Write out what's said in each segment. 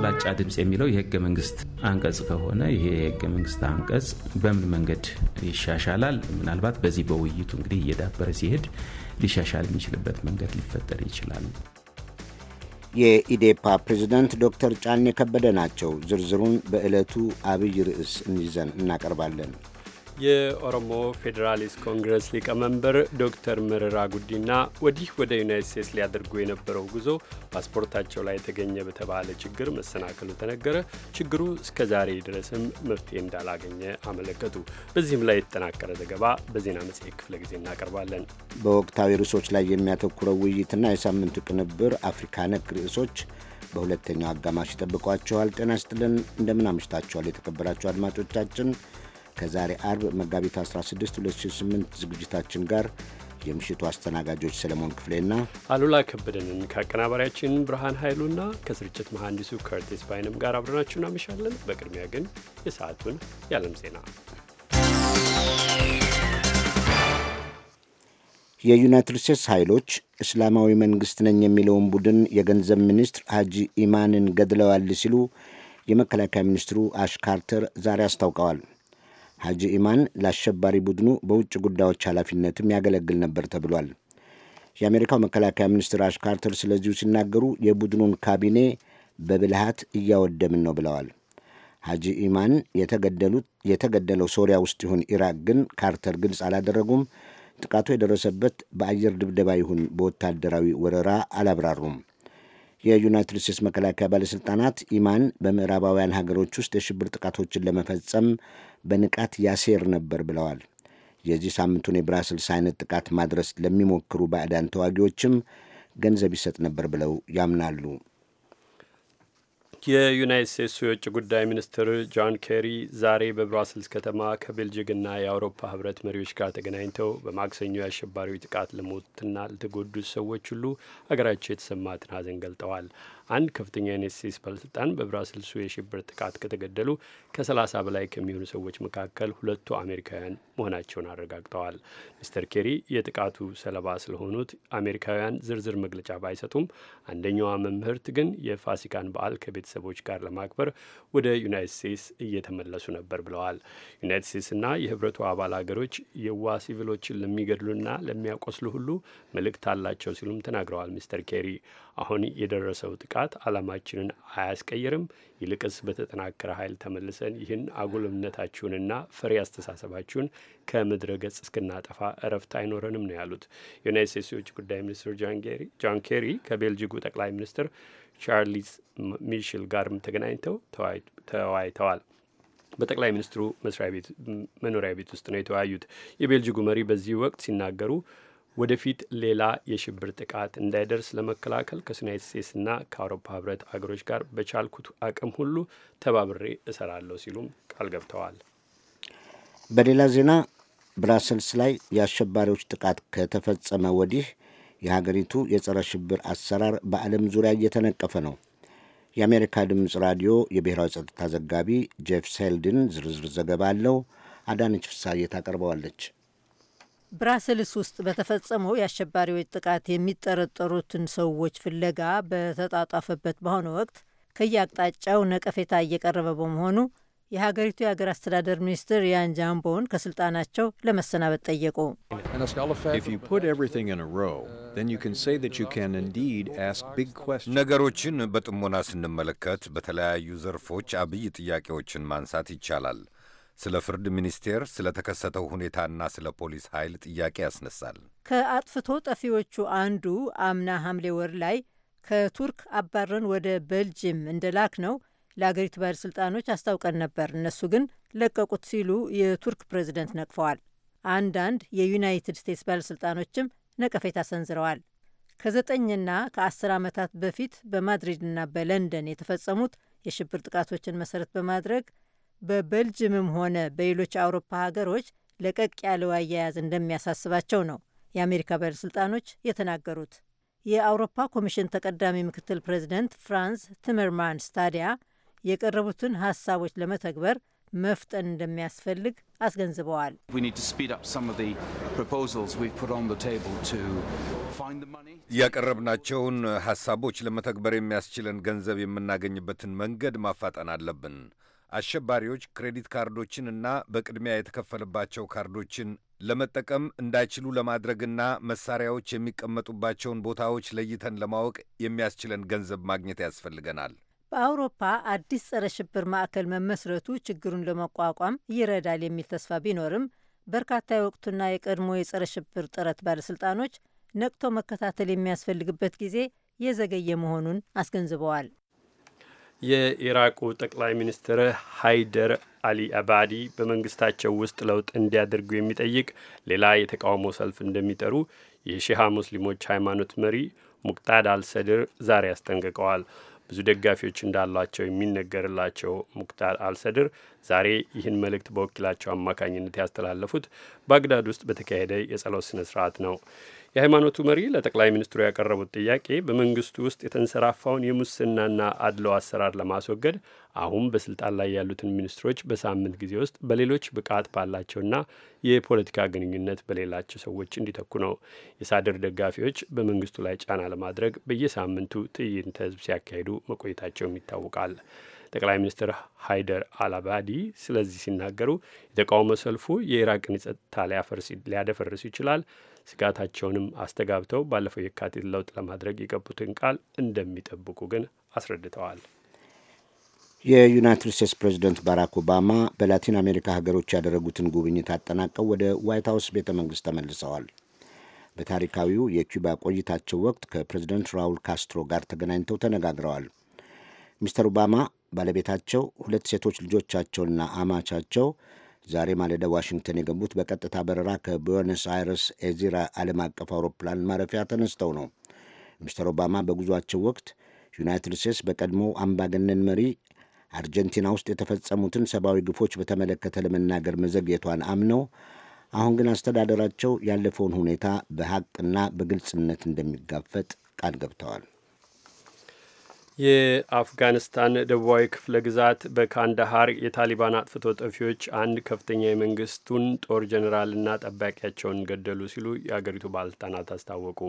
በአብላጫ ድምፅ የሚለው የህገ መንግስት አንቀጽ ከሆነ ይሄ የህገ መንግስት አንቀጽ በምን መንገድ ይሻሻላል? ምናልባት በዚህ በውይይቱ እንግዲህ እየዳበረ ሲሄድ ሊሻሻል የሚችልበት መንገድ ሊፈጠር ይችላል። የኢዴፓ ፕሬዝደንት ዶክተር ጫኔ ከበደ ናቸው። ዝርዝሩን በዕለቱ አብይ ርዕስ እንይዘን እናቀርባለን። የኦሮሞ ፌዴራሊስት ኮንግረስ ሊቀመንበር ዶክተር መረራ ጉዲና ወዲህ ወደ ዩናይት ስቴትስ ሊያደርጉ የነበረው ጉዞ ፓስፖርታቸው ላይ የተገኘ በተባለ ችግር መሰናከሉ ተነገረ። ችግሩ እስከ ዛሬ ድረስም መፍትሄ እንዳላገኘ አመለከቱ። በዚህም ላይ የተጠናቀረ ዘገባ በዜና መጽሔት ክፍለ ጊዜ እናቀርባለን። በወቅታዊ ርዕሶች ላይ የሚያተኩረው ውይይትና የሳምንቱ ቅንብር አፍሪካ ነክ ርዕሶች በሁለተኛው አጋማሽ ይጠብቋቸዋል። ጤና ስጥልን፣ እንደምን አምሽታችኋል የተከበራችሁ አድማጮቻችን። ከዛሬ አርብ መጋቢት 16 2008 ዝግጅታችን ጋር የምሽቱ አስተናጋጆች ሰለሞን ክፍሌና አሉላ ከበደንን ከአቀናባሪያችን ብርሃን ኃይሉና ከስርጭት መሐንዲሱ ከርቲስ ባይንም ጋር አብረናችሁ እናመሻለን። በቅድሚያ ግን የሰዓቱን የዓለም ዜና የዩናይትድ ስቴትስ ኃይሎች እስላማዊ መንግሥት ነኝ የሚለውን ቡድን የገንዘብ ሚኒስትር ሐጂ ኢማንን ገድለዋል ሲሉ የመከላከያ ሚኒስትሩ አሽ ካርተር ዛሬ አስታውቀዋል። ሐጂ ኢማን ለአሸባሪ ቡድኑ በውጭ ጉዳዮች ኃላፊነትም ያገለግል ነበር ተብሏል። የአሜሪካው መከላከያ ሚኒስትር አሽ ካርተር ስለዚሁ ሲናገሩ የቡድኑን ካቢኔ በብልሃት እያወደምን ነው ብለዋል። ሐጂ ኢማን የተገደሉት የተገደለው ሶሪያ ውስጥ ይሁን ኢራቅ ግን ካርተር ግልጽ አላደረጉም። ጥቃቱ የደረሰበት በአየር ድብደባ ይሁን በወታደራዊ ወረራ አላብራሩም። የዩናይትድ ስቴትስ መከላከያ ባለሥልጣናት ኢማን በምዕራባውያን ሀገሮች ውስጥ የሽብር ጥቃቶችን ለመፈጸም በንቃት ያሴር ነበር ብለዋል። የዚህ ሳምንቱን የብራስልስ አይነት ጥቃት ማድረስ ለሚሞክሩ ባዕዳን ተዋጊዎችም ገንዘብ ይሰጥ ነበር ብለው ያምናሉ። የዩናይት ስቴትሱ የውጭ ጉዳይ ሚኒስትር ጆን ኬሪ ዛሬ በብራስልስ ከተማ ከቤልጅግና የአውሮፓ ህብረት መሪዎች ጋር ተገናኝተው በማክሰኞ የአሸባሪው ጥቃት ለሞትና ለተጎዱ ሰዎች ሁሉ ሀገራቸው የተሰማትን ሀዘን ገልጠዋል። አንድ ከፍተኛ የዩናይት ስቴትስ ባለስልጣን በብራስልሱ የሽብር ጥቃት ከተገደሉ ከ30 በላይ ከሚሆኑ ሰዎች መካከል ሁለቱ አሜሪካውያን መሆናቸውን አረጋግጠዋል። ሚስተር ኬሪ የጥቃቱ ሰለባ ስለሆኑት አሜሪካውያን ዝርዝር መግለጫ ባይሰጡም አንደኛዋ መምህርት ግን የፋሲካን በዓል ከቤተሰቦች ጋር ለማክበር ወደ ዩናይት ስቴትስ እየተመለሱ ነበር ብለዋል። ዩናይት ስቴትስና የህብረቱ አባል ሀገሮች የዋ ሲቪሎችን ለሚገድሉና ለሚያቆስሉ ሁሉ መልእክት አላቸው ሲሉም ተናግረዋል። ሚስተር ኬሪ አሁን የደረሰው ጥቃት ዓላማችንን አያስቀይርም፣ ይልቅስ በተጠናከረ ኃይል ተመልሰን ይህን አጉል ፍሬ አስተሳሰባችሁን ከምድረ ገጽ እስክናጠፋ እረፍት አይኖረንም ነው ያሉት። የዩናይት ስቴትስ የውጭ ጉዳይ ሚኒስትር ጆን ኬሪ ከቤልጅጉ ጠቅላይ ሚኒስትር ቻርሊስ ሚሽል ጋርም ተገናኝተው ተወያይተዋል። በጠቅላይ ሚኒስትሩ መስሪያ ቤት መኖሪያ ቤት ውስጥ ነው የተወያዩት። የቤልጅጉ መሪ በዚህ ወቅት ሲናገሩ ወደፊት ሌላ የሽብር ጥቃት እንዳይደርስ ለመከላከል ከዩናይት ስቴትስና ከአውሮፓ ህብረት አገሮች ጋር በቻልኩት አቅም ሁሉ ተባብሬ እሰራለሁ ሲሉም ቃል ገብተዋል። በሌላ ዜና ብራሰልስ ላይ የአሸባሪዎች ጥቃት ከተፈጸመ ወዲህ የሀገሪቱ የጸረ ሽብር አሰራር በዓለም ዙሪያ እየተነቀፈ ነው። የአሜሪካ ድምፅ ራዲዮ የብሔራዊ ጸጥታ ዘጋቢ ጄፍ ሴልድን ዝርዝር ዘገባ አለው። አዳነች ፍሳዬ ታቀርበዋለች። ብራስልስ ውስጥ በተፈጸመው የአሸባሪዎች ጥቃት የሚጠረጠሩትን ሰዎች ፍለጋ በተጣጣፈበት በአሁኑ ወቅት ከየአቅጣጫው ነቀፌታ እየቀረበ በመሆኑ የሀገሪቱ የሀገር አስተዳደር ሚኒስትር ያን ጃምቦን ከስልጣናቸው ለመሰናበት ጠየቁ። ነገሮችን በጥሞና ስንመለከት በተለያዩ ዘርፎች አብይ ጥያቄዎችን ማንሳት ይቻላል። ስለ ፍርድ ሚኒስቴር፣ ስለ ተከሰተው ሁኔታና ስለ ፖሊስ ኃይል ጥያቄ ያስነሳል። ከአጥፍቶ ጠፊዎቹ አንዱ አምና ሐምሌ ወር ላይ ከቱርክ አባረን ወደ ቤልጅየም እንደላክ ነው ለአገሪቱ ባለሥልጣኖች አስታውቀን ነበር፣ እነሱ ግን ለቀቁት ሲሉ የቱርክ ፕሬዝደንት ነቅፈዋል። አንዳንድ የዩናይትድ ስቴትስ ባለሥልጣኖችም ነቀፌታ ሰንዝረዋል። ከዘጠኝና ከአስር ዓመታት በፊት በማድሪድና በለንደን የተፈጸሙት የሽብር ጥቃቶችን መሰረት በማድረግ በቤልጅምም ሆነ በሌሎች አውሮፓ ሀገሮች ለቀቅ ያለው አያያዝ እንደሚያሳስባቸው ነው የአሜሪካ ባለሥልጣኖች የተናገሩት። የአውሮፓ ኮሚሽን ተቀዳሚ ምክትል ፕሬዚደንት ፍራንስ ቲመርማንስ ታዲያ የቀረቡትን ሀሳቦች ለመተግበር መፍጠን እንደሚያስፈልግ አስገንዝበዋል። ያቀረብናቸውን ሀሳቦች ለመተግበር የሚያስችለን ገንዘብ የምናገኝበትን መንገድ ማፋጠን አለብን። አሸባሪዎች ክሬዲት ካርዶችንና በቅድሚያ የተከፈለባቸው ካርዶችን ለመጠቀም እንዳይችሉ ለማድረግና መሳሪያዎች የሚቀመጡባቸውን ቦታዎች ለይተን ለማወቅ የሚያስችለን ገንዘብ ማግኘት ያስፈልገናል። በአውሮፓ አዲስ ጸረ ሽብር ማዕከል መመስረቱ ችግሩን ለመቋቋም ይረዳል የሚል ተስፋ ቢኖርም በርካታ የወቅቱና የቀድሞ የጸረ ሽብር ጥረት ባለሥልጣኖች ነቅቶ መከታተል የሚያስፈልግበት ጊዜ የዘገየ መሆኑን አስገንዝበዋል። የኢራቁ ጠቅላይ ሚኒስትር ሃይደር አሊ አባዲ በመንግስታቸው ውስጥ ለውጥ እንዲያደርጉ የሚጠይቅ ሌላ የተቃውሞ ሰልፍ እንደሚጠሩ የሺሃ ሙስሊሞች ሃይማኖት መሪ ሙቅታድ አልሰድር ዛሬ አስጠንቅቀዋል። ብዙ ደጋፊዎች እንዳሏቸው የሚነገርላቸው ሙቅታድ አልሰድር ዛሬ ይህን መልእክት በወኪላቸው አማካኝነት ያስተላለፉት ባግዳድ ውስጥ በተካሄደ የጸሎት ስነ ስርዓት ነው። የሃይማኖቱ መሪ ለጠቅላይ ሚኒስትሩ ያቀረቡት ጥያቄ በመንግስቱ ውስጥ የተንሰራፋውን የሙስናና አድለው አሰራር ለማስወገድ አሁን በስልጣን ላይ ያሉትን ሚኒስትሮች በሳምንት ጊዜ ውስጥ በሌሎች ብቃት ባላቸውና የፖለቲካ ግንኙነት በሌላቸው ሰዎች እንዲተኩ ነው። የሳድር ደጋፊዎች በመንግስቱ ላይ ጫና ለማድረግ በየሳምንቱ ትዕይንተ ህዝብ ሲያካሂዱ መቆየታቸውም ይታወቃል። ጠቅላይ ሚኒስትር ሃይደር አልአባዲ ስለዚህ ሲናገሩ የተቃውሞ ሰልፉ የኢራቅን ጸጥታ ሊያፈርስ ሊያደፈርስ ይችላል፣ ስጋታቸውንም አስተጋብተው ባለፈው የካቲት ለውጥ ለማድረግ የገቡትን ቃል እንደሚጠብቁ ግን አስረድተዋል። የዩናይትድ ስቴትስ ፕሬዚደንት ባራክ ኦባማ በላቲን አሜሪካ ሀገሮች ያደረጉትን ጉብኝት አጠናቀው ወደ ዋይት ሀውስ ቤተ መንግሥት ተመልሰዋል። በታሪካዊው የኪዩባ ቆይታቸው ወቅት ከፕሬዚደንት ራውል ካስትሮ ጋር ተገናኝተው ተነጋግረዋል። ሚስተር ኦባማ ባለቤታቸው፣ ሁለት ሴቶች ልጆቻቸውና አማቻቸው ዛሬ ማለዳ ዋሽንግተን የገቡት በቀጥታ በረራ ከቡዌኖስ አይረስ ኤዚራ ዓለም አቀፍ አውሮፕላን ማረፊያ ተነስተው ነው። ሚስተር ኦባማ በጉዟቸው ወቅት ዩናይትድ ስቴትስ በቀድሞ አምባገነን መሪ አርጀንቲና ውስጥ የተፈጸሙትን ሰብአዊ ግፎች በተመለከተ ለመናገር መዘግየቷን አምነው አሁን ግን አስተዳደራቸው ያለፈውን ሁኔታ በሐቅና በግልጽነት እንደሚጋፈጥ ቃል ገብተዋል። የአፍጋኒስታን ደቡባዊ ክፍለ ግዛት በካንዳሃር የታሊባን አጥፍቶ ጠፊዎች አንድ ከፍተኛ የመንግስቱን ጦር ጀኔራልና ጠባቂያቸውን ገደሉ ሲሉ የአገሪቱ ባለስልጣናት አስታወቁ።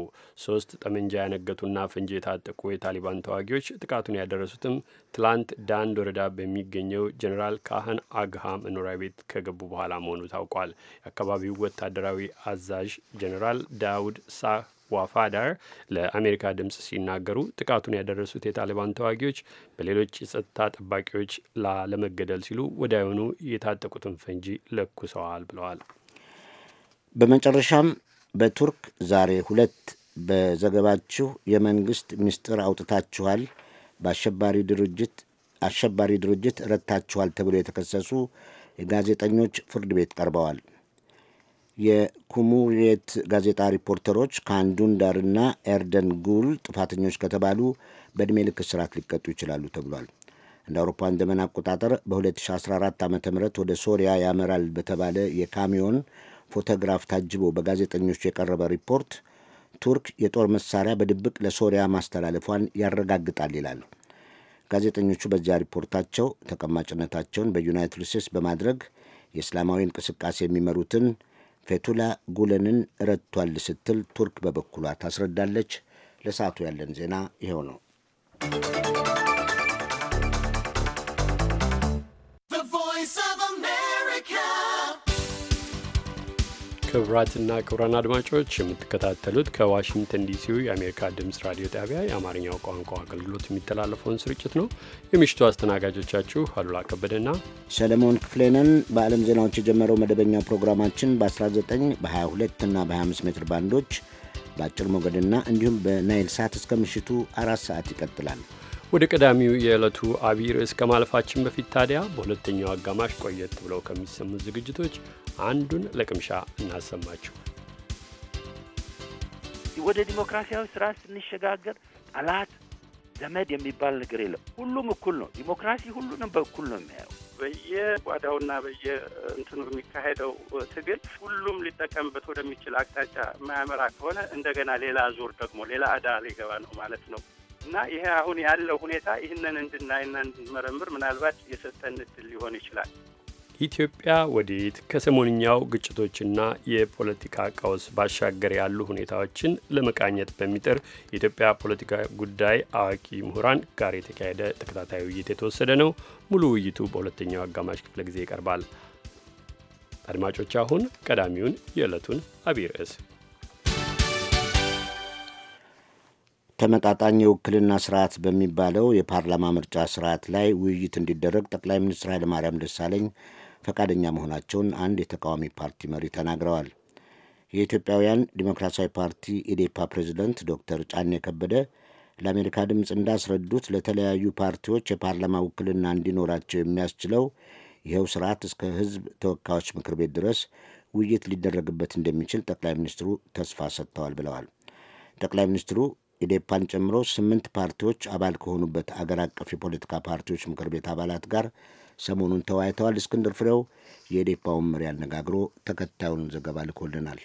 ሶስት ጠመንጃ ያነገቱና ፈንጂ የታጠቁ የታሊባን ተዋጊዎች ጥቃቱን ያደረሱትም ትላንት ዳንድ ወረዳ በሚገኘው ጀኔራል ካህን አግሃ መኖሪያ ቤት ከገቡ በኋላ መሆኑ ታውቋል። የአካባቢው ወታደራዊ አዛዥ ጀኔራል ዳውድ ሳህ ዋፋዳር ለአሜሪካ ድምፅ ሲናገሩ ጥቃቱን ያደረሱት የታሊባን ተዋጊዎች በሌሎች የጸጥታ ጠባቂዎች ላለመገደል ሲሉ ወዲያውኑ የታጠቁትን ፈንጂ ለኩሰዋል ብለዋል። በመጨረሻም በቱርክ ዛሬ ሁለት በዘገባችሁ የመንግስት ምስጢር አውጥታችኋል፣ በአሸባሪ ድርጅት አሸባሪ ድርጅት ረድታችኋል ተብሎ የተከሰሱ የጋዜጠኞች ፍርድ ቤት ቀርበዋል። የኩሙሬት ጋዜጣ ሪፖርተሮች ካንዱን ዳርና ኤርደን ጉል ጥፋተኞች ከተባሉ በእድሜ ልክ ስርዓት ሊቀጡ ይችላሉ ተብሏል። እንደ አውሮፓን ዘመን አቆጣጠር በ2014 ዓ ም ወደ ሶሪያ ያመራል በተባለ የካሚዮን ፎቶግራፍ ታጅቦ በጋዜጠኞች የቀረበ ሪፖርት ቱርክ የጦር መሳሪያ በድብቅ ለሶሪያ ማስተላለፏን ያረጋግጣል ይላል። ጋዜጠኞቹ በዚያ ሪፖርታቸው ተቀማጭነታቸውን በዩናይትድ ስቴትስ በማድረግ የእስላማዊ እንቅስቃሴ የሚመሩትን ፌቱላ ጉለንን ረድቷል ስትል ቱርክ በበኩሏ ታስረዳለች። ለሰዓቱ ያለን ዜና ይኸው ነው። ክቡራትና ክቡራን አድማጮች የምትከታተሉት ከዋሽንግተን ዲሲው የአሜሪካ ድምፅ ራዲዮ ጣቢያ የአማርኛው ቋንቋ አገልግሎት የሚተላለፈውን ስርጭት ነው። የምሽቱ አስተናጋጆቻችሁ አሉላ ከበደና ሰለሞን ክፍሌንን በዓለም ዜናዎች የጀመረው መደበኛ ፕሮግራማችን በ19 በ22 እና በ25 ሜትር ባንዶች በአጭር ሞገድና እንዲሁም በናይል ሳት እስከ ምሽቱ አራት ሰዓት ይቀጥላል። ወደ ቀዳሚው የዕለቱ አብይ ርዕስ ከማለፋችን በፊት ታዲያ በሁለተኛው አጋማሽ ቆየት ብለው ከሚሰሙት ዝግጅቶች አንዱን ለቅምሻ እናሰማችሁ። ወደ ዲሞክራሲያዊ ስራ ስንሸጋገር ጠላት ዘመድ የሚባል ነገር የለም። ሁሉም እኩል ነው። ዲሞክራሲ ሁሉንም በእኩል ነው የሚያየው። በየጓዳውና በየእንትኑ የሚካሄደው ትግል ሁሉም ሊጠቀምበት ወደሚችል አቅጣጫ የማያመራ ከሆነ እንደገና ሌላ ዙር ደግሞ ሌላ አዳ ሊገባ ነው ማለት ነው። እና ይሄ አሁን ያለው ሁኔታ ይህንን እንድናይና እንድንመረምር ምናልባት የሰጠን እድል ሊሆን ይችላል። ኢትዮጵያ ወዴት ከሰሞንኛው ግጭቶችና የፖለቲካ ቀውስ ባሻገር ያሉ ሁኔታዎችን ለመቃኘት በሚጥር የኢትዮጵያ ፖለቲካ ጉዳይ አዋቂ ምሁራን ጋር የተካሄደ ተከታታይ ውይይት የተወሰደ ነው። ሙሉ ውይይቱ በሁለተኛው አጋማሽ ክፍለ ጊዜ ይቀርባል። አድማጮች፣ አሁን ቀዳሚውን የዕለቱን አብይ ርዕስ ተመጣጣኝ የውክልና ስርዓት በሚባለው የፓርላማ ምርጫ ስርዓት ላይ ውይይት እንዲደረግ ጠቅላይ ሚኒስትር ኃይለማርያም ደሳለኝ ፈቃደኛ መሆናቸውን አንድ የተቃዋሚ ፓርቲ መሪ ተናግረዋል። የኢትዮጵያውያን ዲሞክራሲያዊ ፓርቲ ኢዴፓ ፕሬዚደንት ዶክተር ጫኔ ከበደ ለአሜሪካ ድምፅ እንዳስረዱት ለተለያዩ ፓርቲዎች የፓርላማ ውክልና እንዲኖራቸው የሚያስችለው ይኸው ስርዓት እስከ ሕዝብ ተወካዮች ምክር ቤት ድረስ ውይይት ሊደረግበት እንደሚችል ጠቅላይ ሚኒስትሩ ተስፋ ሰጥተዋል ብለዋል። ጠቅላይ ሚኒስትሩ ኢዴፓን ጨምሮ ስምንት ፓርቲዎች አባል ከሆኑበት አገር አቀፍ የፖለቲካ ፓርቲዎች ምክር ቤት አባላት ጋር ሰሞኑን ተወያይተዋል። እስክንድር ፍሬው የኢዴፓውን መሪ አነጋግሮ ተከታዩን ዘገባ ልኮልናል።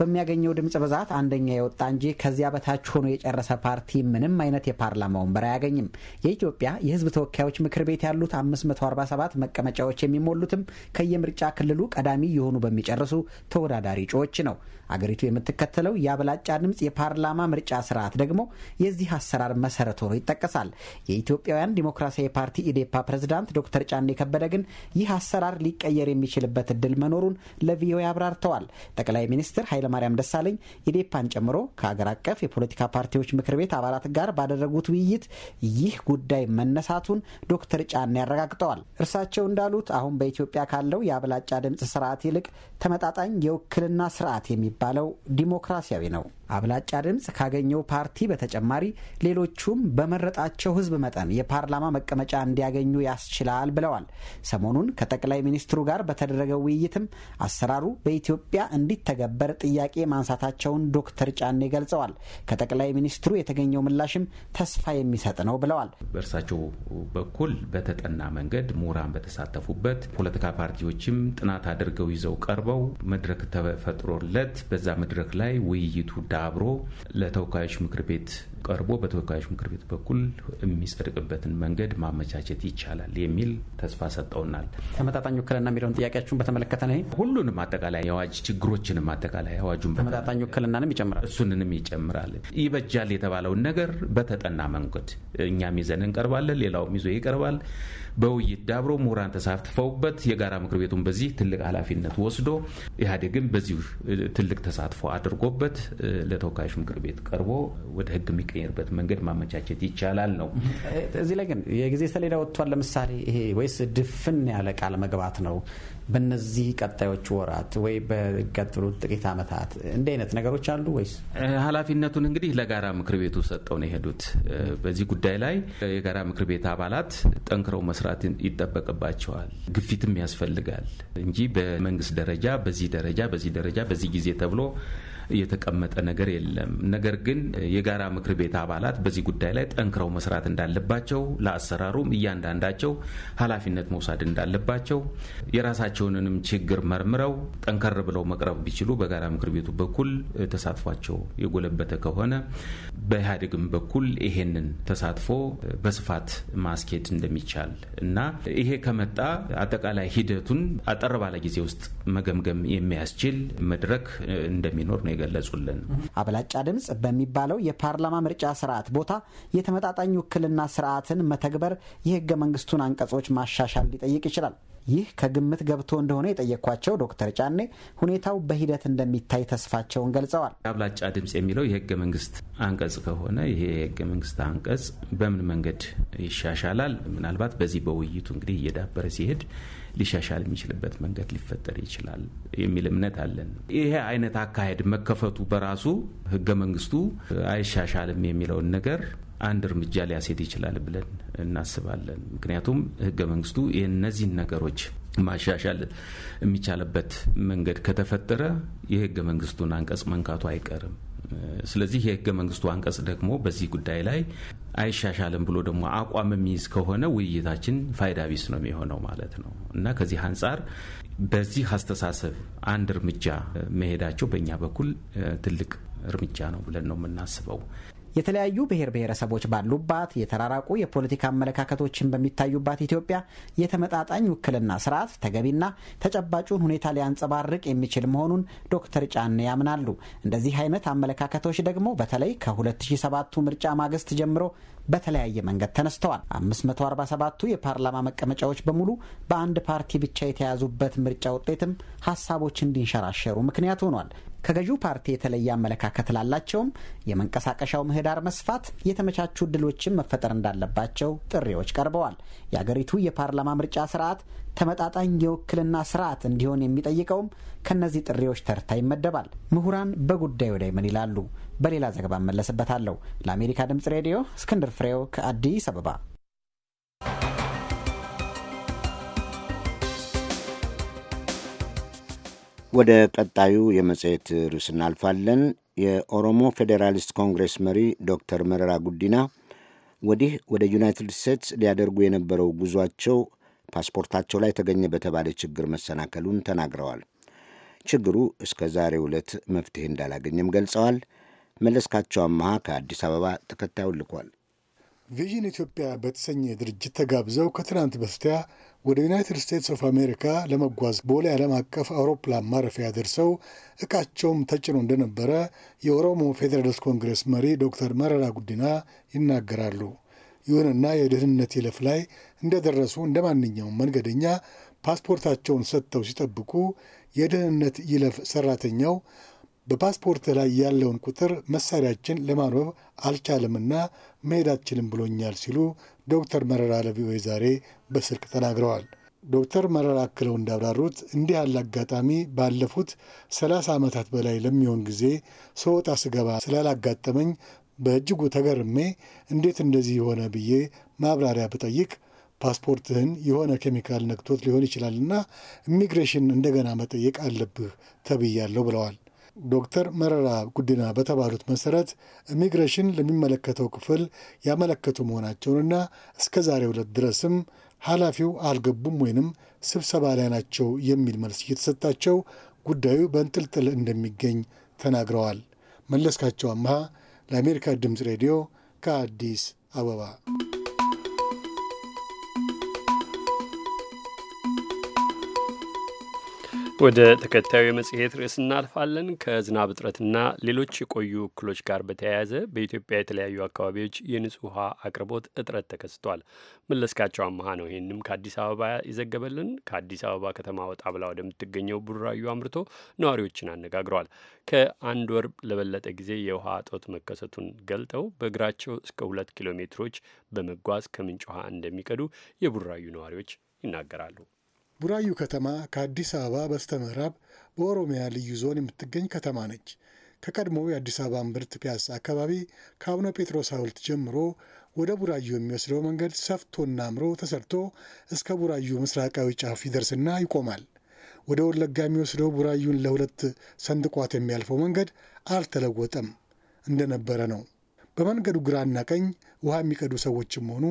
በሚያገኘው ድምፅ ብዛት አንደኛ የወጣ እንጂ ከዚያ በታች ሆኖ የጨረሰ ፓርቲ ምንም አይነት የፓርላማ ወንበር አያገኝም። የኢትዮጵያ የሕዝብ ተወካዮች ምክር ቤት ያሉት 547 መቀመጫዎች የሚሞሉትም ከየምርጫ ክልሉ ቀዳሚ የሆኑ በሚጨርሱ ተወዳዳሪ እጩዎች ነው። አገሪቱ የምትከተለው የአብላጫ ድምፅ የፓርላማ ምርጫ ስርዓት ደግሞ የዚህ አሰራር መሰረት ሆኖ ይጠቀሳል። የኢትዮጵያውያን ዲሞክራሲያዊ ፓርቲ ኢዴፓ ፕሬዝዳንት ዶክተር ጫኔ ከበደ ግን ይህ አሰራር ሊቀየር የሚችልበት እድል መኖሩን ለቪኦኤ አብራርተዋል። ጠቅላይ ሚኒስትር ኃይለ ኃይለማርያም ደሳለኝ ኢዴፓን ጨምሮ ከሀገር አቀፍ የፖለቲካ ፓርቲዎች ምክር ቤት አባላት ጋር ባደረጉት ውይይት ይህ ጉዳይ መነሳቱን ዶክተር ጫኔ ያረጋግጠዋል። እርሳቸው እንዳሉት አሁን በኢትዮጵያ ካለው የአብላጫ ድምፅ ስርዓት ይልቅ ተመጣጣኝ የውክልና ስርዓት የሚባለው ዲሞክራሲያዊ ነው። አብላጫ ድምፅ ካገኘው ፓርቲ በተጨማሪ ሌሎቹም በመረጣቸው ህዝብ መጠን የፓርላማ መቀመጫ እንዲያገኙ ያስችላል ብለዋል። ሰሞኑን ከጠቅላይ ሚኒስትሩ ጋር በተደረገው ውይይትም አሰራሩ በኢትዮጵያ እንዲተገበር ጥያቄ ማንሳታቸውን ዶክተር ጫኔ ገልጸዋል። ከጠቅላይ ሚኒስትሩ የተገኘው ምላሽም ተስፋ የሚሰጥ ነው ብለዋል። በእርሳቸው በኩል በተጠና መንገድ ምሁራን በተሳተፉበት ፖለቲካ ፓርቲዎችም ጥናት አድርገው ይዘው ቀርበው መድረክ ተፈጥሮለት በዛ መድረክ ላይ ውይይቱ ዳ አብሮ ለተወካዮች ምክር ቤት ቀርቦ በተወካዮች ምክር ቤት በኩል የሚጸድቅበትን መንገድ ማመቻቸት ይቻላል የሚል ተስፋ ሰጠውናል። ተመጣጣኝ ውክልና የሚለውን ጥያቄያችሁን በተመለከተ ነ ሁሉንም አጠቃላይ የአዋጅ ችግሮችንም አጠቃላይ አዋጁን ተመጣጣኝ ውክልናንም ይጨምራል፣ እሱንንም ይጨምራል። ይበጃል የተባለውን ነገር በተጠና መንገድ እኛም ይዘን እንቀርባለን፣ ሌላውም ይዞ ይቀርባል። በውይይት ዳብሮ ምሁራን ተሳትፈውበት የጋራ ምክር ቤቱን በዚህ ትልቅ ኃላፊነት ወስዶ ኢህአዴግም በዚሁ ትልቅ ተሳትፎ አድርጎበት ለተወካዮች ምክር ቤት ቀርቦ ወደ ህግ የሚቀየርበት መንገድ ማመቻቸት ይቻላል ነው። እዚህ ላይ ግን የጊዜ ሰሌዳ ወጥቷል። ለምሳሌ ይሄ ወይስ ድፍን ያለ ቃል መግባት ነው? በነዚህ ቀጣዮች ወራት ወይ በቀጥሉት ጥቂት ዓመታት እንዲህ አይነት ነገሮች አሉ ወይስ? ኃላፊነቱን እንግዲህ ለጋራ ምክር ቤቱ ሰጠው ነው የሄዱት። በዚህ ጉዳይ ላይ የጋራ ምክር ቤት አባላት ጠንክረው መስራት ይጠበቅባቸዋል። ግፊትም ያስፈልጋል እንጂ በመንግስት ደረጃ በዚህ ደረጃ በዚህ ደረጃ በዚህ ጊዜ ተብሎ የተቀመጠ ነገር የለም። ነገር ግን የጋራ ምክር ቤት አባላት በዚህ ጉዳይ ላይ ጠንክረው መስራት እንዳለባቸው፣ ለአሰራሩም እያንዳንዳቸው ኃላፊነት መውሰድ እንዳለባቸው፣ የራሳቸውንም ችግር መርምረው ጠንከር ብለው መቅረብ ቢችሉ በጋራ ምክር ቤቱ በኩል ተሳትፏቸው የጎለበተ ከሆነ በኢህአዴግም በኩል ይሄንን ተሳትፎ በስፋት ማስኬድ እንደሚቻል እና ይሄ ከመጣ አጠቃላይ ሂደቱን አጠር ባለ ጊዜ ውስጥ መገምገም የሚያስችል መድረክ እንደሚኖር ነው የገለጹልን። አብላጫ ድምፅ በሚባለው የፓርላማ ምርጫ ስርዓት ቦታ የተመጣጣኝ ውክልና ስርዓትን መተግበር የህገ መንግስቱን አንቀጾች ማሻሻል ሊጠይቅ ይችላል። ይህ ከግምት ገብቶ እንደሆነ የጠየኳቸው ዶክተር ጫኔ ሁኔታው በሂደት እንደሚታይ ተስፋቸውን ገልጸዋል። አብላጫ ድምፅ የሚለው የህገ መንግስት አንቀጽ ከሆነ ይሄ የህገ መንግስት አንቀጽ በምን መንገድ ይሻሻላል? ምናልባት በዚህ በውይይቱ እንግዲህ እየዳበረ ሲሄድ ሊሻሻል የሚችልበት መንገድ ሊፈጠር ይችላል የሚል እምነት አለን። ይሄ አይነት አካሄድ መከፈቱ በራሱ ህገ መንግስቱ አይሻሻልም የሚለውን ነገር አንድ እርምጃ ሊያስሄድ ይችላል ብለን እናስባለን። ምክንያቱም ህገ መንግስቱ እነዚህን ነገሮች ማሻሻል የሚቻልበት መንገድ ከተፈጠረ የህገ መንግስቱን አንቀጽ መንካቱ አይቀርም። ስለዚህ የህገ መንግስቱ አንቀጽ ደግሞ በዚህ ጉዳይ ላይ አይሻሻልም ብሎ ደግሞ አቋም የሚይዝ ከሆነ ውይይታችን ፋይዳ ቢስ ነው የሚሆነው ማለት ነው እና ከዚህ አንጻር በዚህ አስተሳሰብ አንድ እርምጃ መሄዳቸው በእኛ በኩል ትልቅ እርምጃ ነው ብለን ነው የምናስበው። የተለያዩ ብሔር ብሔረሰቦች ባሉባት የተራራቁ የፖለቲካ አመለካከቶችን በሚታዩባት ኢትዮጵያ የተመጣጣኝ ውክልና ስርዓት ተገቢና ተጨባጩን ሁኔታ ሊያንጸባርቅ የሚችል መሆኑን ዶክተር ጫኔ ያምናሉ። እንደዚህ አይነት አመለካከቶች ደግሞ በተለይ ከ2007ቱ ምርጫ ማግስት ጀምሮ በተለያየ መንገድ ተነስተዋል። 547ቱ የፓርላማ መቀመጫዎች በሙሉ በአንድ ፓርቲ ብቻ የተያዙበት ምርጫ ውጤትም ሀሳቦች እንዲንሸራሸሩ ምክንያት ሆኗል። ከገዢው ፓርቲ የተለየ አመለካከት ላላቸውም የመንቀሳቀሻው ምህዳር መስፋት፣ የተመቻቹ ድሎችን መፈጠር እንዳለባቸው ጥሪዎች ቀርበዋል። የአገሪቱ የፓርላማ ምርጫ ስርዓት ተመጣጣኝ የውክልና ስርዓት እንዲሆን የሚጠይቀውም ከእነዚህ ጥሪዎች ተርታ ይመደባል። ምሁራን በጉዳዩ ላይ ምን ይላሉ? በሌላ ዘገባ እመለስበታለሁ። ለአሜሪካ ድምጽ ሬዲዮ እስክንድር ፍሬው ከአዲስ አበባ ወደ ቀጣዩ የመጽሔት ርዕስ እናልፋለን። የኦሮሞ ፌዴራሊስት ኮንግሬስ መሪ ዶክተር መረራ ጉዲና ወዲህ ወደ ዩናይትድ ስቴትስ ሊያደርጉ የነበረው ጉዟቸው ፓስፖርታቸው ላይ ተገኘ በተባለ ችግር መሰናከሉን ተናግረዋል። ችግሩ እስከ ዛሬ ዕለት መፍትሄ እንዳላገኘም ገልጸዋል። መለስካቸው አመሃ ከአዲስ አበባ ተከታዩን ልኳል። ቪዥን ኢትዮጵያ በተሰኘ ድርጅት ተጋብዘው ከትናንት በስቲያ ወደ ዩናይትድ ስቴትስ ኦፍ አሜሪካ ለመጓዝ ቦሌ ዓለም አቀፍ አውሮፕላን ማረፊያ ደርሰው እቃቸውም ተጭኖ እንደነበረ የኦሮሞ ፌዴራልስ ኮንግረስ መሪ ዶክተር መረራ ጉዲና ይናገራሉ። ይሁንና የደህንነት ይለፍ ላይ እንደደረሱ እንደ ማንኛውም መንገደኛ ፓስፖርታቸውን ሰጥተው ሲጠብቁ የደህንነት ይለፍ ሰራተኛው በፓስፖርት ላይ ያለውን ቁጥር መሳሪያችን ለማንበብ አልቻለምና መሄዳችንም ብሎኛል ሲሉ ዶክተር መረራ ለቪኦኤ ዛሬ በስልክ ተናግረዋል። ዶክተር መረራ አክለው እንዳብራሩት እንዲህ ያለ አጋጣሚ ባለፉት ሰላሳ ዓመታት በላይ ለሚሆን ጊዜ ሰወጣ ስገባ ስላላጋጠመኝ በእጅጉ ተገርሜ እንዴት እንደዚህ የሆነ ብዬ ማብራሪያ ብጠይቅ ፓስፖርትህን የሆነ ኬሚካል ነክቶት ሊሆን ይችላልና ኢሚግሬሽን እንደገና መጠየቅ አለብህ ተብያለሁ ብለዋል። ዶክተር መረራ ጉዲና በተባሉት መሰረት ኢሚግሬሽን ለሚመለከተው ክፍል ያመለከቱ መሆናቸውንና እስከ ዛሬ ዕለት ድረስም ኃላፊው አልገቡም ወይንም ስብሰባ ላይ ናቸው የሚል መልስ እየተሰጣቸው ጉዳዩ በእንጥልጥል እንደሚገኝ ተናግረዋል። መለስካቸው አምሃ ለአሜሪካ ድምፅ ሬዲዮ ከአዲስ አበባ ወደ ተከታዩ የመጽሔት ርዕስ እናልፋለን። ከዝናብ እጥረትና ሌሎች የቆዩ እክሎች ጋር በተያያዘ በኢትዮጵያ የተለያዩ አካባቢዎች የንጹህ ውሃ አቅርቦት እጥረት ተከስቷል። መለስካቸው አመሃ ነው ይህንም ከአዲስ አበባ ይዘገበልን ከአዲስ አበባ ከተማ ወጣ ብላ ወደምትገኘው ቡራዩ አምርቶ ነዋሪዎችን አነጋግሯል። ከአንድ ወር ለበለጠ ጊዜ የውሃ እጦት መከሰቱን ገልጠው በእግራቸው እስከ ሁለት ኪሎ ሜትሮች በመጓዝ ከምንጭ ውሃ እንደሚቀዱ የቡራዩ ነዋሪዎች ይናገራሉ። ቡራዩ ከተማ ከአዲስ አበባ በስተምዕራብ በኦሮሚያ ልዩ ዞን የምትገኝ ከተማ ነች። ከቀድሞው የአዲስ አበባ እምብርት ፒያሳ አካባቢ ከአቡነ ጴጥሮስ ሐውልት ጀምሮ ወደ ቡራዩ የሚወስደው መንገድ ሰፍቶና አምሮ ተሰርቶ እስከ ቡራዩ ምስራቃዊ ጫፍ ይደርስና ይቆማል። ወደ ወለጋ የሚወስደው ቡራዩን ለሁለት ሰንጥቋት የሚያልፈው መንገድ አልተለወጠም፣ እንደነበረ ነው። በመንገዱ ግራና ቀኝ ውሃ የሚቀዱ ሰዎችም ሆኑ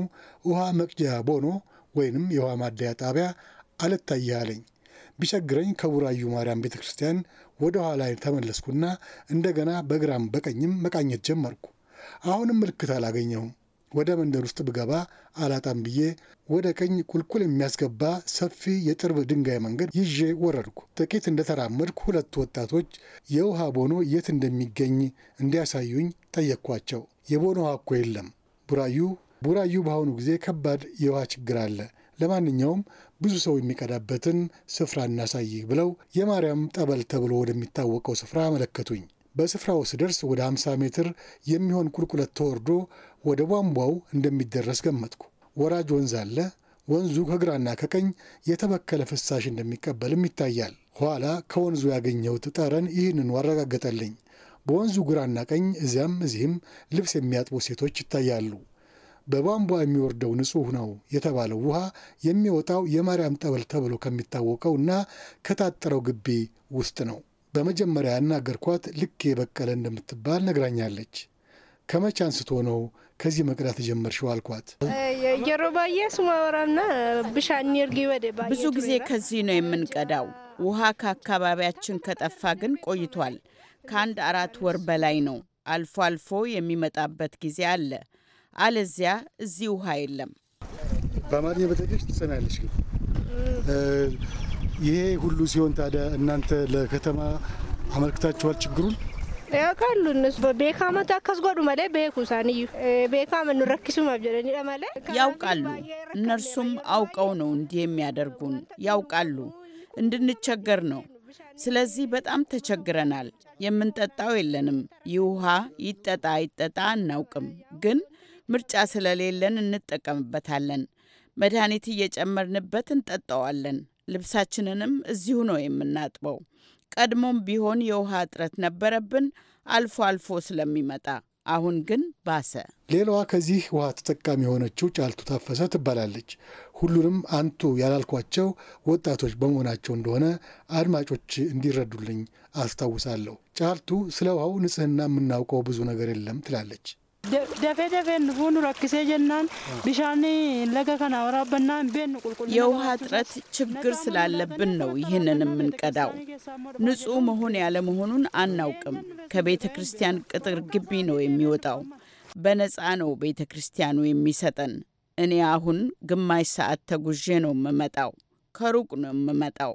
ውሃ መቅጃ ቦኖ ወይንም የውሃ ማደያ ጣቢያ አልታየህ አለኝ። ቢቸግረኝ ከቡራዩ ማርያም ቤተ ክርስቲያን ወደ ኋላ ተመለስኩና እንደገና በግራም በቀኝም መቃኘት ጀመርኩ። አሁንም ምልክት አላገኘሁም። ወደ መንደር ውስጥ ብገባ አላጣም ብዬ ወደ ቀኝ ቁልቁል የሚያስገባ ሰፊ የጥርብ ድንጋይ መንገድ ይዤ ወረድኩ። ጥቂት እንደተራመድኩ ሁለቱ ወጣቶች የውሃ ቦኖ የት እንደሚገኝ እንዲያሳዩኝ ጠየቅኳቸው። የቦኖ ውሃ እኮ የለም ቡራዩ ቡራዩ በአሁኑ ጊዜ ከባድ የውሃ ችግር አለ። ለማንኛውም ብዙ ሰው የሚቀዳበትን ስፍራ እናሳይ ብለው የማርያም ጠበል ተብሎ ወደሚታወቀው ስፍራ አመለከቱኝ። በስፍራው ስደርስ ወደ 50 ሜትር የሚሆን ቁልቁለት ተወርዶ ወደ ቧንቧው እንደሚደረስ ገመትኩ። ወራጅ ወንዝ አለ። ወንዙ ከግራና ከቀኝ የተበከለ ፍሳሽ እንደሚቀበልም ይታያል። ኋላ ከወንዙ ያገኘሁት ጠረን ይህንኑ አረጋገጠልኝ። በወንዙ ግራና ቀኝ እዚያም እዚህም ልብስ የሚያጥቡ ሴቶች ይታያሉ። በቧንቧ የሚወርደው ንጹህ ነው የተባለው ውሃ የሚወጣው የማርያም ጠበል ተብሎ ከሚታወቀው እና ከታጠረው ግቢ ውስጥ ነው። በመጀመሪያ ያናገርኳት ልኬ በቀለ እንደምትባል ነግራኛለች። ከመቼ አንስቶ ነው ከዚህ መቅዳት የጀመርሽው? አልኳት። ብዙ ጊዜ ከዚህ ነው የምንቀዳው። ውሃ ከአካባቢያችን ከጠፋ ግን ቆይቷል። ከአንድ አራት ወር በላይ ነው። አልፎ አልፎ የሚመጣበት ጊዜ አለ። አለዚያ እዚህ ውሃ የለም። በአማርኛ በጠቂች ትጸናያለች ግን ይሄ ሁሉ ሲሆን ታዲያ እናንተ ለከተማ አመልክታችኋል ችግሩን? ያውቃሉ እነሱ በቤካመት አካስጓዱ ማለ ቤኩ ሳንዩ ቤካመን ንረክሱ ማብጀለኒ ማለ ያውቃሉ። እነርሱም አውቀው ነው እንዲህ የሚያደርጉን ያውቃሉ። እንድንቸገር ነው። ስለዚህ በጣም ተቸግረናል። የምንጠጣው የለንም። ይህ ውሃ ይጠጣ ይጠጣ አናውቅም ግን ምርጫ ስለሌለን እንጠቀምበታለን። መድኃኒት እየጨመርንበት እንጠጣዋለን። ልብሳችንንም እዚሁ ነው የምናጥበው። ቀድሞም ቢሆን የውሃ እጥረት ነበረብን፣ አልፎ አልፎ ስለሚመጣ አሁን ግን ባሰ። ሌላዋ ከዚህ ውሃ ተጠቃሚ የሆነችው ጫልቱ ታፈሰ ትባላለች። ሁሉንም አንቱ ያላልኳቸው ወጣቶች በመሆናቸው እንደሆነ አድማጮች እንዲረዱልኝ አስታውሳለሁ። ጫልቱ ስለ ውሃው ንጽህና የምናውቀው ብዙ ነገር የለም ትላለች። ደፌ ደፌ ፉኑ ረክሴ ጀናን ቢሻኒ ለገ ከና ወራበና ቤን ቁልቁል የውሃ እጥረት ችግር ስላለብን ነው ይህንን የምንቀዳው። ንጹህ መሆን ያለመሆኑን አናውቅም። ከቤተ ክርስቲያን ቅጥር ግቢ ነው የሚወጣው። በነፃ ነው ቤተ ክርስቲያኑ የሚሰጠን። እኔ አሁን ግማሽ ሰዓት ተጉዤ ነው የምመጣው። ከሩቅ ነው የምመጣው።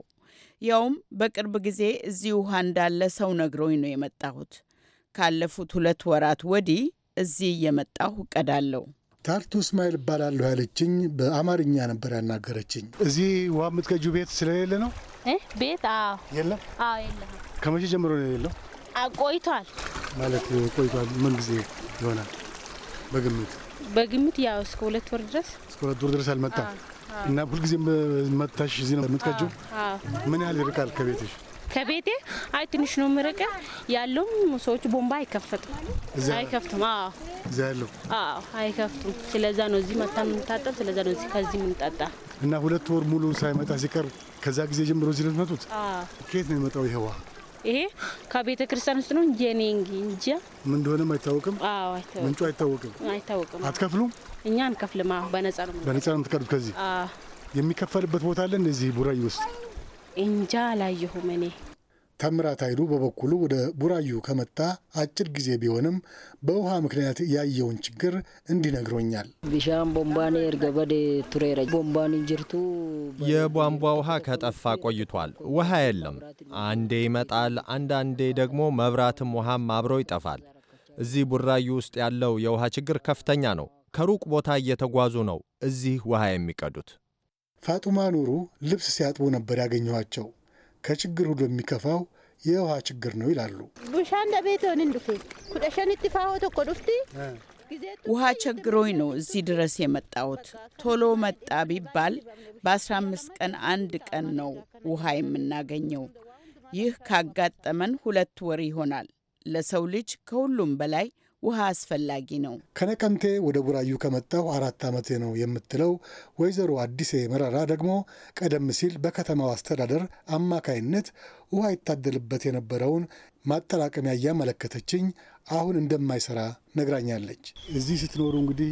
ያውም በቅርብ ጊዜ እዚህ ውሃ እንዳለ ሰው ነግሮኝ ነው የመጣሁት። ካለፉት ሁለት ወራት ወዲህ እዚህ እየመጣሁ እቀዳለሁ። ታርቱ እስማኤል እባላለሁ ያለችኝ በአማርኛ ነበር ያናገረችኝ። እዚህ ውሃ የምትቀጁ ቤት ስለሌለ ነው? ቤት የለም። አዎ፣ የለም። ከመቼ ጀምሮ ነው የሌለው? ቆይቷል። ማለት ቆይቷል። ምን ጊዜ ይሆናል? በግምት በግምት ያው እስከ ሁለት ወር ድረስ እስከ ሁለት ወር ድረስ አልመጣም። እና ሁልጊዜ መታሽ እዚህ ነው የምትቀጁ? ምን ያህል ይርቃል ከቤትሽ? ከቤቴ አይ ትንሽ ነው ምርቀ ያለውም ሰዎች ቦምባ አይከፈትም አይከፍትም። አዎ እዛ አዎ አይከፍቱም። ስለዛ ነው እዚህ መታ የምንታጠብ፣ ስለዛ ነው እዚህ ከዚህ የምንጠጣ እና ሁለት ወር ሙሉ ሳይመጣ ሲቀር ከዛ ጊዜ ጀምሮ እዚህ ነው መጡት። ከየት ነው የመጣው ይሄ ውሃ? ይሄ ከቤተ ክርስቲያን ውስጥ ነው እንጂ እኔ እንጂ ምን እንደሆነም አይታወቅም። አዎ አይታወቅም፣ ምንጩ አይታወቅም፣ አይታወቅም። አትከፍሉም? እኛ አንከፍልም። አዎ በነፃ ነው፣ በነፃ ነው የምትቀዱት። ከዚህ የሚከፈልበት ቦታ አለ እንደዚህ ቡራዩ ውስጥ እንጃ አላየሁም እኔ። ተምራት ኃይሉ በበኩሉ ወደ ቡራዩ ከመጣ አጭር ጊዜ ቢሆንም በውሃ ምክንያት ያየውን ችግር እንዲነግሮኛል። ቱሬረ ቦምባን እንጅርቱ የቧንቧ ውሃ ከጠፋ ቆይቷል። ውሃ የለም። አንዴ ይመጣል፣ አንዳንዴ ደግሞ መብራትም ውሃም አብሮ ይጠፋል። እዚህ ቡራዩ ውስጥ ያለው የውሃ ችግር ከፍተኛ ነው። ከሩቅ ቦታ እየተጓዙ ነው እዚህ ውሃ የሚቀዱት። ፋጡማ ኑሩ ልብስ ሲያጥቡ ነበር ያገኘኋቸው። ከችግር ሁሉ የሚከፋው የውሃ ችግር ነው ይላሉ። ውሃ ቸግሮኝ ነው እዚህ ድረስ የመጣሁት። ቶሎ መጣ ቢባል በ15 ቀን አንድ ቀን ነው ውሃ የምናገኘው። ይህ ካጋጠመን ሁለት ወር ይሆናል። ለሰው ልጅ ከሁሉም በላይ ውሃ አስፈላጊ ነው። ከነቀምቴ ወደ ቡራዩ ከመጣሁ አራት ዓመቴ ነው የምትለው ወይዘሮ አዲሴ መረራ ደግሞ ቀደም ሲል በከተማው አስተዳደር አማካይነት ውሃ ይታደልበት የነበረውን ማጠራቀሚያ እያመለከተችኝ አሁን እንደማይሰራ ነግራኛለች። እዚህ ስትኖሩ እንግዲህ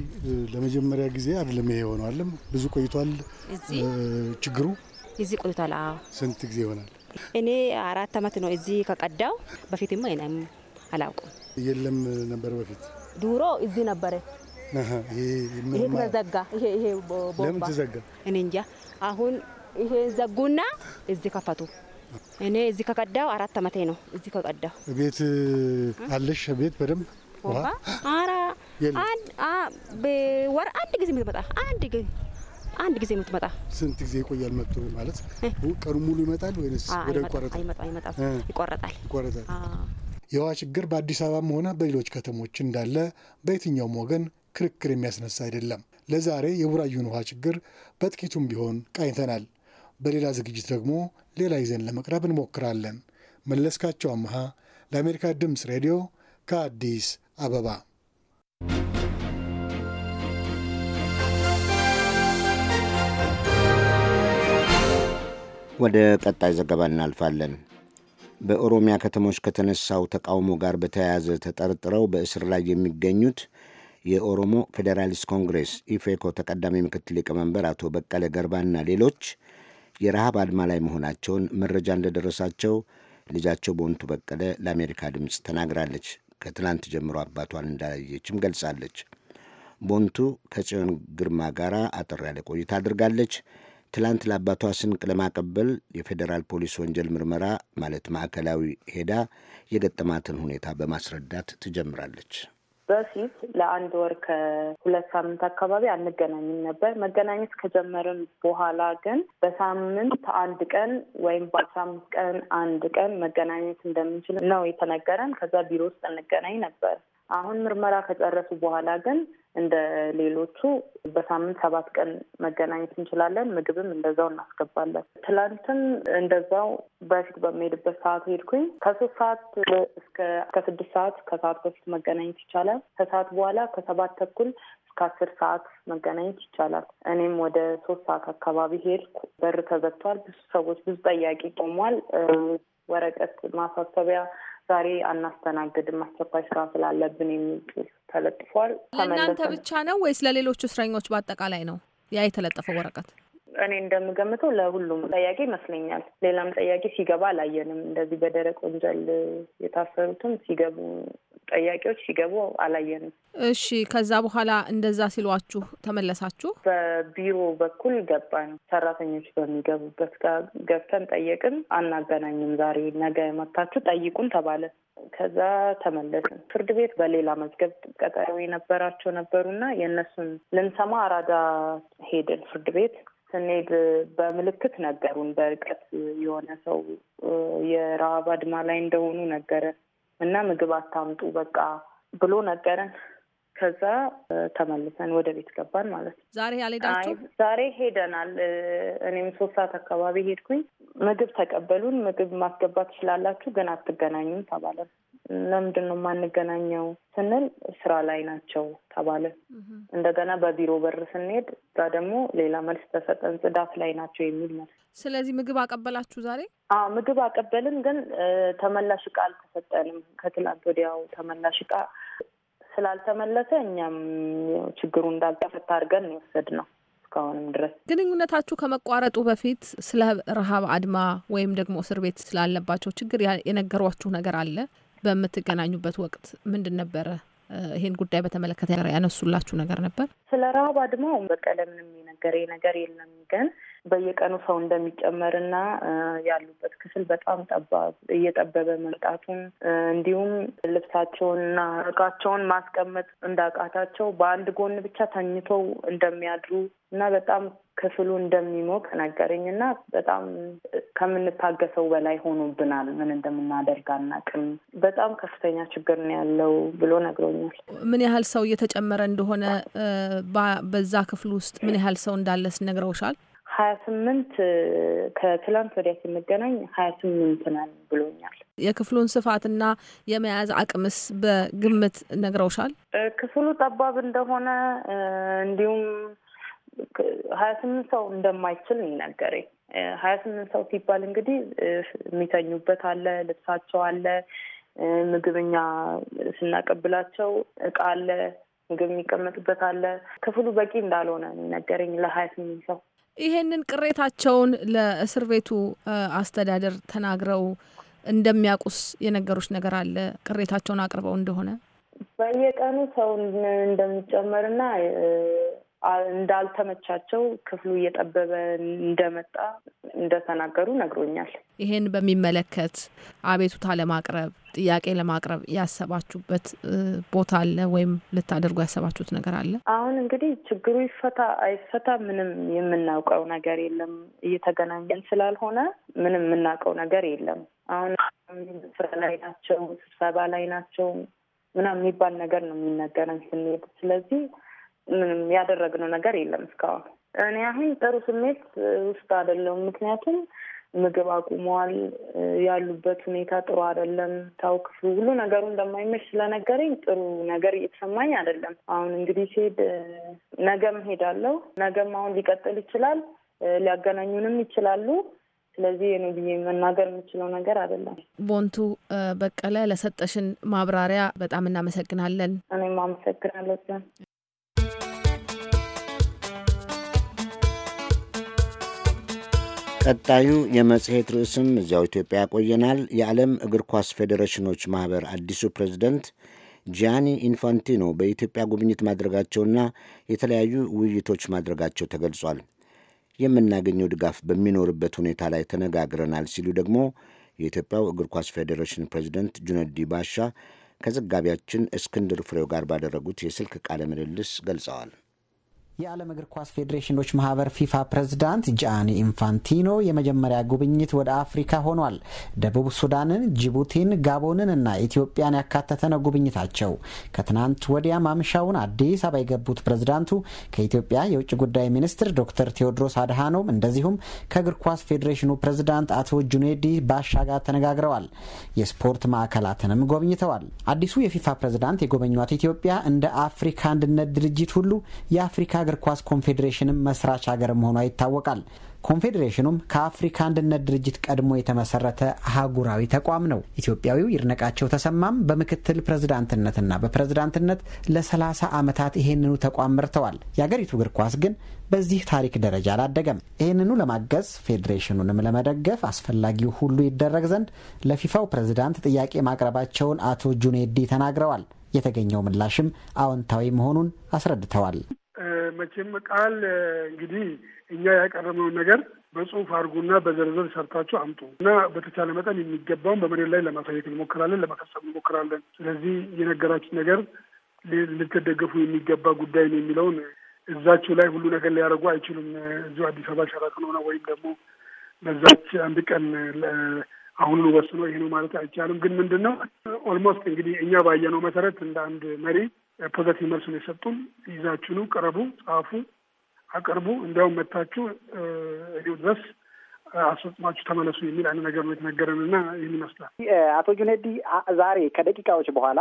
ለመጀመሪያ ጊዜ አይደለም ይሄ የሆነው አለም ብዙ ቆይቷል ችግሩ እዚህ ቆይቷል። ስንት ጊዜ ይሆናል? እኔ አራት ዓመት ነው እዚህ ከቀዳው በፊትማ አላውቅም የለም ነበር በፊት ድሮ እዚህ ነበረ። ይሄ ተዘጋ። ይሄ ለምን ተዘጋ? እኔ እንጃ። አሁን ይሄ ዘጉና እዚህ ከፈቱ። እኔ እዚህ ከቀዳው አራት አመቴ ነው። እዚህ ከቀዳው ቤት አለሽ ቤት በደንብ ወር አንድ ጊዜ የምትመጣ አንድ ጊዜ አንድ ጊዜ የምትመጣ። ስንት ጊዜ ይቆያል? መጥቶ ማለት ቀኑ ሙሉ ይመጣል ወይስ ወደ ይቆረጣል? ይቆረጣል፣ ይቆረጣል የውሃ ችግር በአዲስ አበባም ሆነ በሌሎች ከተሞች እንዳለ በየትኛውም ወገን ክርክር የሚያስነሳ አይደለም። ለዛሬ የቡራዩን ውሃ ችግር በጥቂቱም ቢሆን ቃኝተናል። በሌላ ዝግጅት ደግሞ ሌላ ይዘን ለመቅረብ እንሞክራለን። መለስካቸው አመሃ ለአሜሪካ ድምፅ ሬዲዮ ከአዲስ አበባ። ወደ ቀጣይ ዘገባ እናልፋለን። በኦሮሚያ ከተሞች ከተነሳው ተቃውሞ ጋር በተያያዘ ተጠርጥረው በእስር ላይ የሚገኙት የኦሮሞ ፌዴራሊስት ኮንግሬስ ኢፌኮ ተቀዳሚ ምክትል ሊቀመንበር አቶ በቀለ ገርባና ሌሎች የረሃብ አድማ ላይ መሆናቸውን መረጃ እንደደረሳቸው ልጃቸው ቦንቱ በቀለ ለአሜሪካ ድምፅ ተናግራለች። ከትናንት ጀምሮ አባቷን እንዳላየችም ገልጻለች። ቦንቱ ከጽዮን ግርማ ጋር አጠር ያለ ቆይታ አድርጋለች። ትላንት ለአባቷ ስንቅ ለማቀበል የፌዴራል ፖሊስ ወንጀል ምርመራ ማለት ማዕከላዊ ሄዳ የገጠማትን ሁኔታ በማስረዳት ትጀምራለች። በፊት ለአንድ ወር ከሁለት ሳምንት አካባቢ አንገናኝም ነበር። መገናኘት ከጀመርን በኋላ ግን በሳምንት አንድ ቀን ወይም በአስራ አምስት ቀን አንድ ቀን መገናኘት እንደምንችል ነው የተነገረን። ከዛ ቢሮ ውስጥ እንገናኝ ነበር። አሁን ምርመራ ከጨረሱ በኋላ ግን እንደ ሌሎቹ በሳምንት ሰባት ቀን መገናኘት እንችላለን። ምግብም እንደዛው እናስገባለን። ትላንትም እንደዛው በፊት በሚሄድበት ሰዓት ሄድኩኝ። ከሶስት ሰዓት እስከ ከስድስት ሰዓት ከሰዓት በፊት መገናኘት ይቻላል። ከሰዓት በኋላ ከሰባት ተኩል እስከ አስር ሰዓት መገናኘት ይቻላል። እኔም ወደ ሶስት ሰዓት አካባቢ ሄድኩ። በር ተዘግቷል። ብዙ ሰዎች ብዙ ጠያቂ ቆሟል። ወረቀት ማሳሰቢያ ዛሬ አናስተናግድም አስቸኳይ ስራ ስላለብን የሚል ጽሑፍ ተለጥፏል። ለእናንተ ብቻ ነው ወይስ ለሌሎቹ እስረኞች በአጠቃላይ ነው ያ የተለጠፈው ወረቀት? እኔ እንደምገምተው ለሁሉም ጠያቄ ይመስለኛል። ሌላም ጠያቄ ሲገባ አላየንም። እንደዚህ በደረቅ ወንጀል የታሰሩትም ሲገቡ ጠያቂዎች ሲገቡ አላየንም። እሺ፣ ከዛ በኋላ እንደዛ ሲሏችሁ ተመለሳችሁ? በቢሮ በኩል ገባን። ሰራተኞች በሚገቡበት ጋር ገብተን ጠየቅን። አናገናኝም፣ ዛሬ ነገ መታችሁ ጠይቁን ተባለ። ከዛ ተመለስን። ፍርድ ቤት በሌላ መዝገብ ቀጠሮ የነበራቸው ነበሩና የእነሱን ልንሰማ አራዳ ሄድን ፍርድ ቤት ስንሄድ በምልክት ነገሩን። በርቀት የሆነ ሰው የረሃብ አድማ ላይ እንደሆኑ ነገረን። እና ምግብ አታምጡ በቃ ብሎ ነገረን። ከዛ ተመልሰን ወደ ቤት ገባን ማለት ነው። ዛሬ አልሄዳችሁም? ዛሬ ሄደናል። እኔም ሶስት ሰዓት አካባቢ ሄድኩኝ። ምግብ ተቀበሉን። ምግብ ማስገባት ትችላላችሁ፣ ግን አትገናኙም ተባለን። ለምንድን ነው የማንገናኘው ስንል ስራ ላይ ናቸው ተባለ። እንደገና በቢሮ በር ስንሄድ እዛ ደግሞ ሌላ መልስ ተሰጠን፣ ጽዳት ላይ ናቸው የሚል መልስ። ስለዚህ ምግብ አቀበላችሁ ዛሬ? አዎ ምግብ አቀበልን፣ ግን ተመላሽ እቃ አልተሰጠንም። ከትላንት ወዲያው ተመላሽ እቃ ስላልተመለሰ እኛም ችግሩ እንዳልተፈታ አድርገን ነው እስካሁንም ድረስ ግንኙነታችሁ ከመቋረጡ በፊት ስለ ረሃብ አድማ ወይም ደግሞ እስር ቤት ስላለባቸው ችግር የነገሯችሁ ነገር አለ? በምትገናኙበት ወቅት ምንድን ነበረ ይሄን ጉዳይ በተመለከተ ያነሱላችሁ ነገር ነበር? ስለ ረሃብ አድማው በቀለምንም ምንም የነገረኝ ነገር የለም ግን በየቀኑ ሰው እንደሚጨመርና ያሉበት ክፍል በጣም ጠባብ እየጠበበ መምጣቱን እንዲሁም ልብሳቸውንና እቃቸውን ማስቀመጥ እንዳቃታቸው በአንድ ጎን ብቻ ተኝተው እንደሚያድሩ እና በጣም ክፍሉ እንደሚሞቅ ነገረኝ እና በጣም ከምንታገሰው በላይ ሆኖብናል። ምን እንደምናደርግ አናውቅም። በጣም ከፍተኛ ችግር ነው ያለው ብሎ ነግሮኛል። ምን ያህል ሰው እየተጨመረ እንደሆነ በዛ ክፍል ውስጥ ምን ያህል ሰው እንዳለ ነግረውሻል? ሀያ ስምንት ከትላንት ወዲያ የመገናኝ ሀያ ስምንት ነን ብሎኛል። የክፍሉን ስፋትና የመያዝ አቅምስ በግምት ነግረውሻል? ክፍሉ ጠባብ እንደሆነ እንዲሁም ሀያ ስምንት ሰው እንደማይችል ይነገረኝ። ሀያ ስምንት ሰው ሲባል እንግዲህ የሚተኙበት አለ፣ ልብሳቸው አለ፣ ምግብኛ ስናቀብላቸው እቃ አለ፣ ምግብ የሚቀመጡበት አለ። ክፍሉ በቂ እንዳልሆነ ነገረኝ ለሀያ ስምንት ሰው ይሄንን ቅሬታቸውን ለእስር ቤቱ አስተዳደር ተናግረው እንደሚያውቁስ የነገሮች ነገር አለ? ቅሬታቸውን አቅርበው እንደሆነ በየቀኑ ሰው እንደሚጨመርና እንዳልተመቻቸው ክፍሉ እየጠበበ እንደመጣ እንደተናገሩ ነግሮኛል። ይህን በሚመለከት አቤቱታ ለማቅረብ ጥያቄ ለማቅረብ ያሰባችሁበት ቦታ አለ ወይም ልታደርጉ ያሰባችሁት ነገር አለ? አሁን እንግዲህ ችግሩ ይፈታ አይፈታ ምንም የምናውቀው ነገር የለም። እየተገናኘን ስላልሆነ ምንም የምናውቀው ነገር የለም። አሁን ስራ ላይ ናቸው፣ ስብሰባ ላይ ናቸው ምናምን የሚባል ነገር ነው የሚነገረን ስንሄድ። ስለዚህ ምንም ያደረግነው ነገር የለም እስካሁን። እኔ አሁን ጥሩ ስሜት ውስጥ አይደለም፣ ምክንያቱም ምግብ አቁመዋል። ያሉበት ሁኔታ ጥሩ አይደለም። ታው ክፍሉ ሁሉ ነገሩ እንደማይመች ስለነገረኝ ጥሩ ነገር እየተሰማኝ አይደለም። አሁን እንግዲህ ሲሄድ ነገም ሄዳለሁ። ነገም አሁን ሊቀጥል ይችላል፣ ሊያገናኙንም ይችላሉ። ስለዚህ ነው ብዬ መናገር የምችለው ነገር አይደለም። ቦንቱ በቀለ፣ ለሰጠሽን ማብራሪያ በጣም እናመሰግናለን። እኔም አመሰግናለሁ። ቀጣዩ የመጽሔት ርዕስም እዚያው ኢትዮጵያ ያቆየናል። የዓለም እግር ኳስ ፌዴሬሽኖች ማኅበር አዲሱ ፕሬዝደንት ጂያኒ ኢንፋንቲኖ በኢትዮጵያ ጉብኝት ማድረጋቸውና የተለያዩ ውይይቶች ማድረጋቸው ተገልጿል። የምናገኘው ድጋፍ በሚኖርበት ሁኔታ ላይ ተነጋግረናል ሲሉ ደግሞ የኢትዮጵያው እግር ኳስ ፌዴሬሽን ፕሬዝደንት ጁነዲ ባሻ ከዘጋቢያችን እስክንድር ፍሬው ጋር ባደረጉት የስልክ ቃለ ምልልስ ገልጸዋል። የዓለም እግር ኳስ ፌዴሬሽኖች ማህበር ፊፋ ፕሬዝዳንት ጃኒ ኢንፋንቲኖ የመጀመሪያ ጉብኝት ወደ አፍሪካ ሆኗል። ደቡብ ሱዳንን፣ ጅቡቲን፣ ጋቦንን እና ኢትዮጵያን ያካተተ ነው ጉብኝታቸው። ከትናንት ወዲያ ማምሻውን አዲስ አበባ የገቡት ፕሬዝዳንቱ ከኢትዮጵያ የውጭ ጉዳይ ሚኒስትር ዶክተር ቴዎድሮስ አድሃኖም እንደዚሁም ከእግር ኳስ ፌዴሬሽኑ ፕሬዝዳንት አቶ ጁኔዲ ባሻ ጋር ተነጋግረዋል። የስፖርት ማዕከላትንም ጎብኝተዋል። አዲሱ የፊፋ ፕሬዝዳንት የጎበኟት ኢትዮጵያ እንደ አፍሪካ አንድነት ድርጅት ሁሉ የአፍሪካ የእግር ኳስ ኮንፌዴሬሽንም መስራች ሀገር መሆኗ ይታወቃል። ኮንፌዴሬሽኑም ከአፍሪካ አንድነት ድርጅት ቀድሞ የተመሰረተ አህጉራዊ ተቋም ነው። ኢትዮጵያዊው ይድነቃቸው ተሰማም በምክትል ፕሬዝዳንትነትና በፕሬዝዳንትነት ለ30 ዓመታት ይህንኑ ተቋም መርተዋል። የአገሪቱ እግር ኳስ ግን በዚህ ታሪክ ደረጃ አላደገም። ይህንኑ ለማገዝ ፌዴሬሽኑንም ለመደገፍ አስፈላጊው ሁሉ ይደረግ ዘንድ ለፊፋው ፕሬዝዳንት ጥያቄ ማቅረባቸውን አቶ ጁኔዲ ተናግረዋል። የተገኘው ምላሽም አዎንታዊ መሆኑን አስረድተዋል። መቼም ቃል እንግዲህ እኛ ያቀረብነውን ነገር በጽሁፍ አድርጉና በዝርዝር ሰርታችሁ አምጡ እና በተቻለ መጠን የሚገባውን በመሬት ላይ ለማሳየት እንሞክራለን፣ ለመፈጸም እንሞክራለን። ስለዚህ የነገራችን ነገር ልትደገፉ የሚገባ ጉዳይ ነው የሚለውን እዛችሁ ላይ ሁሉ ነገር ሊያደርጉ አይችሉም። እዚሁ አዲስ አበባ ሸራተን ሆነ ወይም ደግሞ በዛች አንድ ቀን አሁኑን ወስኖ ይሄ ነው ማለት አይቻልም። ግን ምንድን ነው ኦልሞስት እንግዲህ እኛ ባየነው መሰረት እንደ አንድ መሪ ፖዘቲቭ ነው የሰጡን ይዛችኑ ቅረቡ፣ ጻፉ፣ አቅርቡ እንዲያውም መታችሁ እዲሁ ድረስ አስፈጽማችሁ ተመለሱ የሚል አይነት ነገር ነው የተነገረን እና ይህን ይመስላል። አቶ ጁኔዲ ዛሬ ከደቂቃዎች በኋላ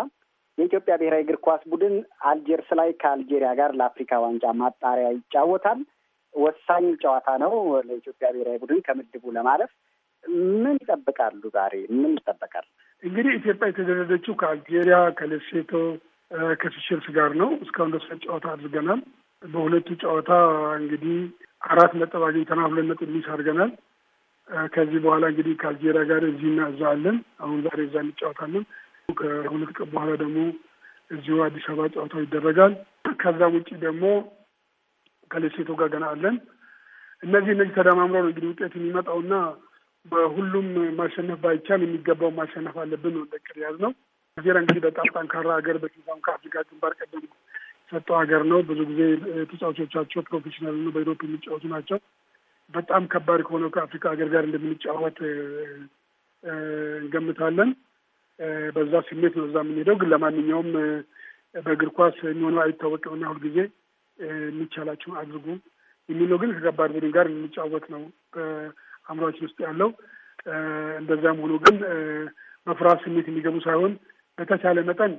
የኢትዮጵያ ብሔራዊ እግር ኳስ ቡድን አልጀርስ ላይ ከአልጄሪያ ጋር ለአፍሪካ ዋንጫ ማጣሪያ ይጫወታል። ወሳኝ ጨዋታ ነው ለኢትዮጵያ ብሔራዊ ቡድን ከምድቡ ለማለፍ። ምን ይጠብቃሉ? ዛሬ ምን ይጠበቃል? እንግዲህ ኢትዮጵያ የተደረደችው ከአልጄሪያ ከሌሴቶ ከሲሸልስ ጋር ነው። እስካሁን ደስ ጨዋታ አድርገናል። በሁለቱ ጨዋታ እንግዲህ አራት ነጥብ አግኝተና ሁለት ነጥብ ሚስ አድርገናል። ከዚህ በኋላ እንግዲህ ከአልጄሪያ ጋር እዚህና እዛ አለን። አሁን ዛሬ እዛ እንጫወታለን። ከሁለት ቀን በኋላ ደግሞ እዚሁ አዲስ አበባ ጨዋታው ይደረጋል። ከዛ ውጭ ደግሞ ከሌሴቶ ጋር ገና አለን። እነዚህ እነዚህ ተደማምረው ነው እንግዲህ ውጤት የሚመጣውና በሁሉም ማሸነፍ ባይቻል የሚገባው ማሸነፍ አለብን ነው ያዝ ነው። ናይጄሪያ እንግዲህ በጣም ጠንካራ ሀገር በጊዛም ከአፍሪካ ግንባር ቀደም የሰጠው ሀገር ነው። ብዙ ጊዜ ተጫዋቾቻቸው ፕሮፌሽናል ነው፣ በዩሮፕ የሚጫወቱ ናቸው። በጣም ከባድ ከሆነው ከአፍሪካ ሀገር ጋር እንደምንጫወት እንገምታለን። በዛ ስሜት ነው እዛ የምንሄደው። ግን ለማንኛውም በእግር ኳስ የሚሆነው አይታወቅምና ሁልጊዜ የሚቻላችሁን አድርጉ የሚለው ግን ከከባድ ቡድን ጋር የምንጫወት ነው በአእምሯችን ውስጥ ያለው። እንደዚያም ሆኖ ግን በፍርሃት ስሜት የሚገቡ ሳይሆን በተቻለ መጠን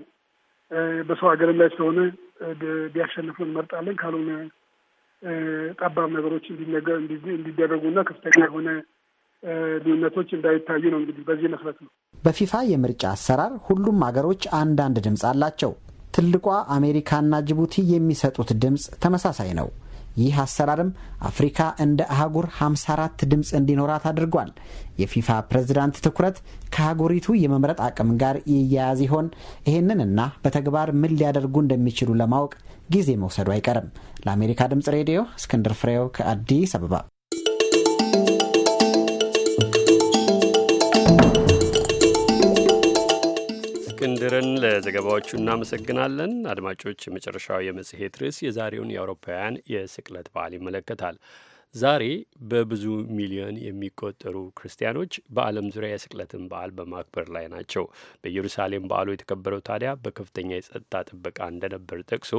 በሰው ሀገርም ላይ ስለሆነ ቢያሸንፉ እንመርጣለን። ካልሆነ ጠባብ ነገሮች እንዲደረጉና ከፍተኛ የሆነ ልዩነቶች እንዳይታዩ ነው። እንግዲህ በዚህ መስረት ነው በፊፋ የምርጫ አሰራር ሁሉም ሀገሮች አንዳንድ ድምፅ አላቸው። ትልቋ አሜሪካና ጅቡቲ የሚሰጡት ድምፅ ተመሳሳይ ነው። ይህ አሰራርም አፍሪካ እንደ አህጉር 54 ድምፅ እንዲኖራት አድርጓል። የፊፋ ፕሬዝዳንት ትኩረት ከአህጉሪቱ የመምረጥ አቅም ጋር ይያያዝ ይሆን? ይህንንና በተግባር ምን ሊያደርጉ እንደሚችሉ ለማወቅ ጊዜ መውሰዱ አይቀርም። ለአሜሪካ ድምፅ ሬዲዮ እስክንድር ፍሬው ከአዲስ አበባ እስክንድርን ለዘገባዎቹ እናመሰግናለን። አድማጮች፣ የመጨረሻው የመጽሔት ርዕስ የዛሬውን የአውሮፓውያን የስቅለት በዓል ይመለከታል። ዛሬ በብዙ ሚሊዮን የሚቆጠሩ ክርስቲያኖች በዓለም ዙሪያ የስቅለትን በዓል በማክበር ላይ ናቸው። በኢየሩሳሌም በዓሉ የተከበረው ታዲያ በከፍተኛ የጸጥታ ጥበቃ እንደነበር ጠቅሶ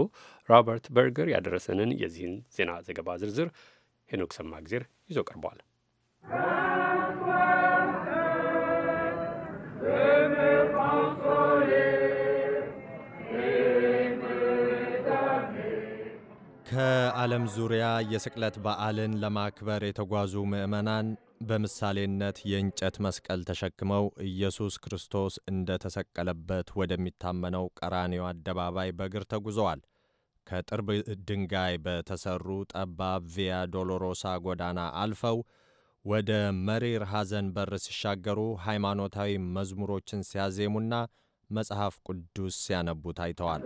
ሮበርት በርገር ያደረሰንን የዚህን ዜና ዘገባ ዝርዝር ሄኖክ ሰማግዜር ይዞ ቀርቧል። ከዓለም ዙሪያ የስቅለት በዓልን ለማክበር የተጓዙ ምዕመናን በምሳሌነት የእንጨት መስቀል ተሸክመው ኢየሱስ ክርስቶስ እንደ ተሰቀለበት ወደሚታመነው ቀራኔው አደባባይ በእግር ተጉዘዋል። ከጥርብ ድንጋይ በተሠሩ ጠባብ ቪያ ዶሎሮሳ ጎዳና አልፈው ወደ መሪር ሐዘን በር ሲሻገሩ ሃይማኖታዊ መዝሙሮችን ሲያዜሙና መጽሐፍ ቅዱስ ሲያነቡ ታይተዋል።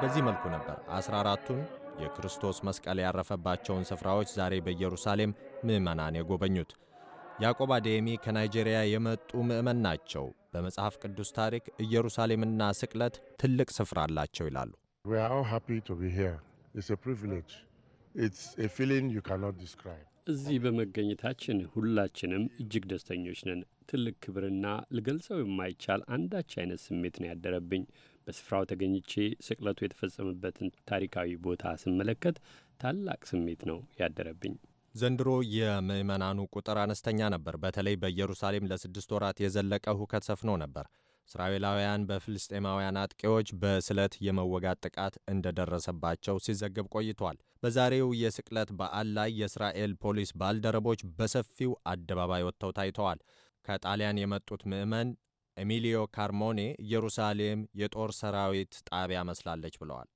በዚህ መልኩ ነበር 14ቱን የክርስቶስ መስቀል ያረፈባቸውን ስፍራዎች ዛሬ በኢየሩሳሌም ምዕመናን የጎበኙት። ያዕቆብ አደየሚ ከናይጄሪያ የመጡ ምዕመን ናቸው። በመጽሐፍ ቅዱስ ታሪክ ኢየሩሳሌምና ስቅለት ትልቅ ስፍራ አላቸው ይላሉ። እዚህ በመገኘታችን ሁላችንም እጅግ ደስተኞች ነን። ትልቅ ክብርና ልገልጸው የማይቻል አንዳች አይነት ስሜት ነው ያደረብኝ። በስፍራው ተገኝቼ ስቅለቱ የተፈጸመበትን ታሪካዊ ቦታ ስመለከት ታላቅ ስሜት ነው ያደረብኝ። ዘንድሮ የምዕመናኑ ቁጥር አነስተኛ ነበር። በተለይ በኢየሩሳሌም ለስድስት ወራት የዘለቀ ሁከት ሰፍኖ ነበር። እስራኤላውያን በፍልስጤማውያን አጥቂዎች በስለት የመወጋት ጥቃት እንደደረሰባቸው ሲዘገብ ቆይቷል። በዛሬው የስቅለት በዓል ላይ የእስራኤል ፖሊስ ባልደረቦች በሰፊው አደባባይ ወጥተው ታይተዋል። ከጣሊያን የመጡት ምዕመን ኤሚሊዮ ካርሞኔ ኢየሩሳሌም የጦር ሰራዊት ጣቢያ መስላለች ብለዋል።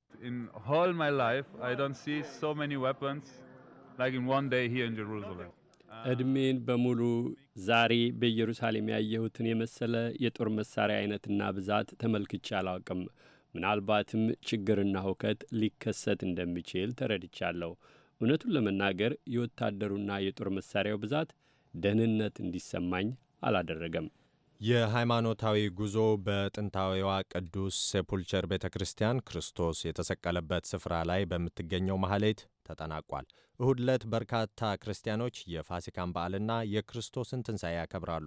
እድሜን በሙሉ ዛሬ በኢየሩሳሌም ያየሁትን የመሰለ የጦር መሳሪያ አይነትና ብዛት ተመልክቼ አላውቅም። ምናልባትም ችግርና ሁከት ሊከሰት እንደሚችል ተረድቻለሁ። እውነቱን ለመናገር የወታደሩና የጦር መሳሪያው ብዛት ደህንነት እንዲሰማኝ አላደረገም። የሃይማኖታዊ ጉዞ በጥንታዊዋ ቅዱስ ሴፑልቸር ቤተ ክርስቲያን ክርስቶስ የተሰቀለበት ስፍራ ላይ በምትገኘው መሐሌት ተጠናቋል። እሁድ ዕለት በርካታ ክርስቲያኖች የፋሲካን በዓልና የክርስቶስን ትንሣኤ ያከብራሉ።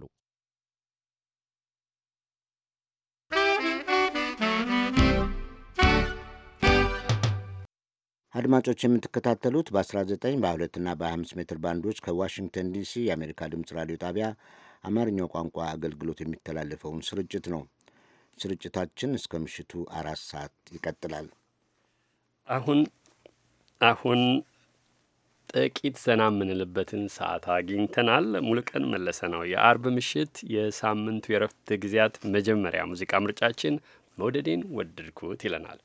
አድማጮች የምትከታተሉት በ19 2 ና በ 5 ሜትር ባንዶች ከዋሽንግተን ዲሲ የአሜሪካ ድምፅ ራዲዮ ጣቢያ አማርኛው ቋንቋ አገልግሎት የሚተላለፈውን ስርጭት ነው። ስርጭታችን እስከ ምሽቱ አራት ሰዓት ይቀጥላል። አሁን አሁን ጥቂት ዘና የምንልበትን ሰዓት አግኝተናል። ሙሉቀን መለሰ ነው የአርብ ምሽት የሳምንቱ የረፍት ጊዜያት መጀመሪያ ሙዚቃ ምርጫችን መውደዴን ወደድኩት ይለናል።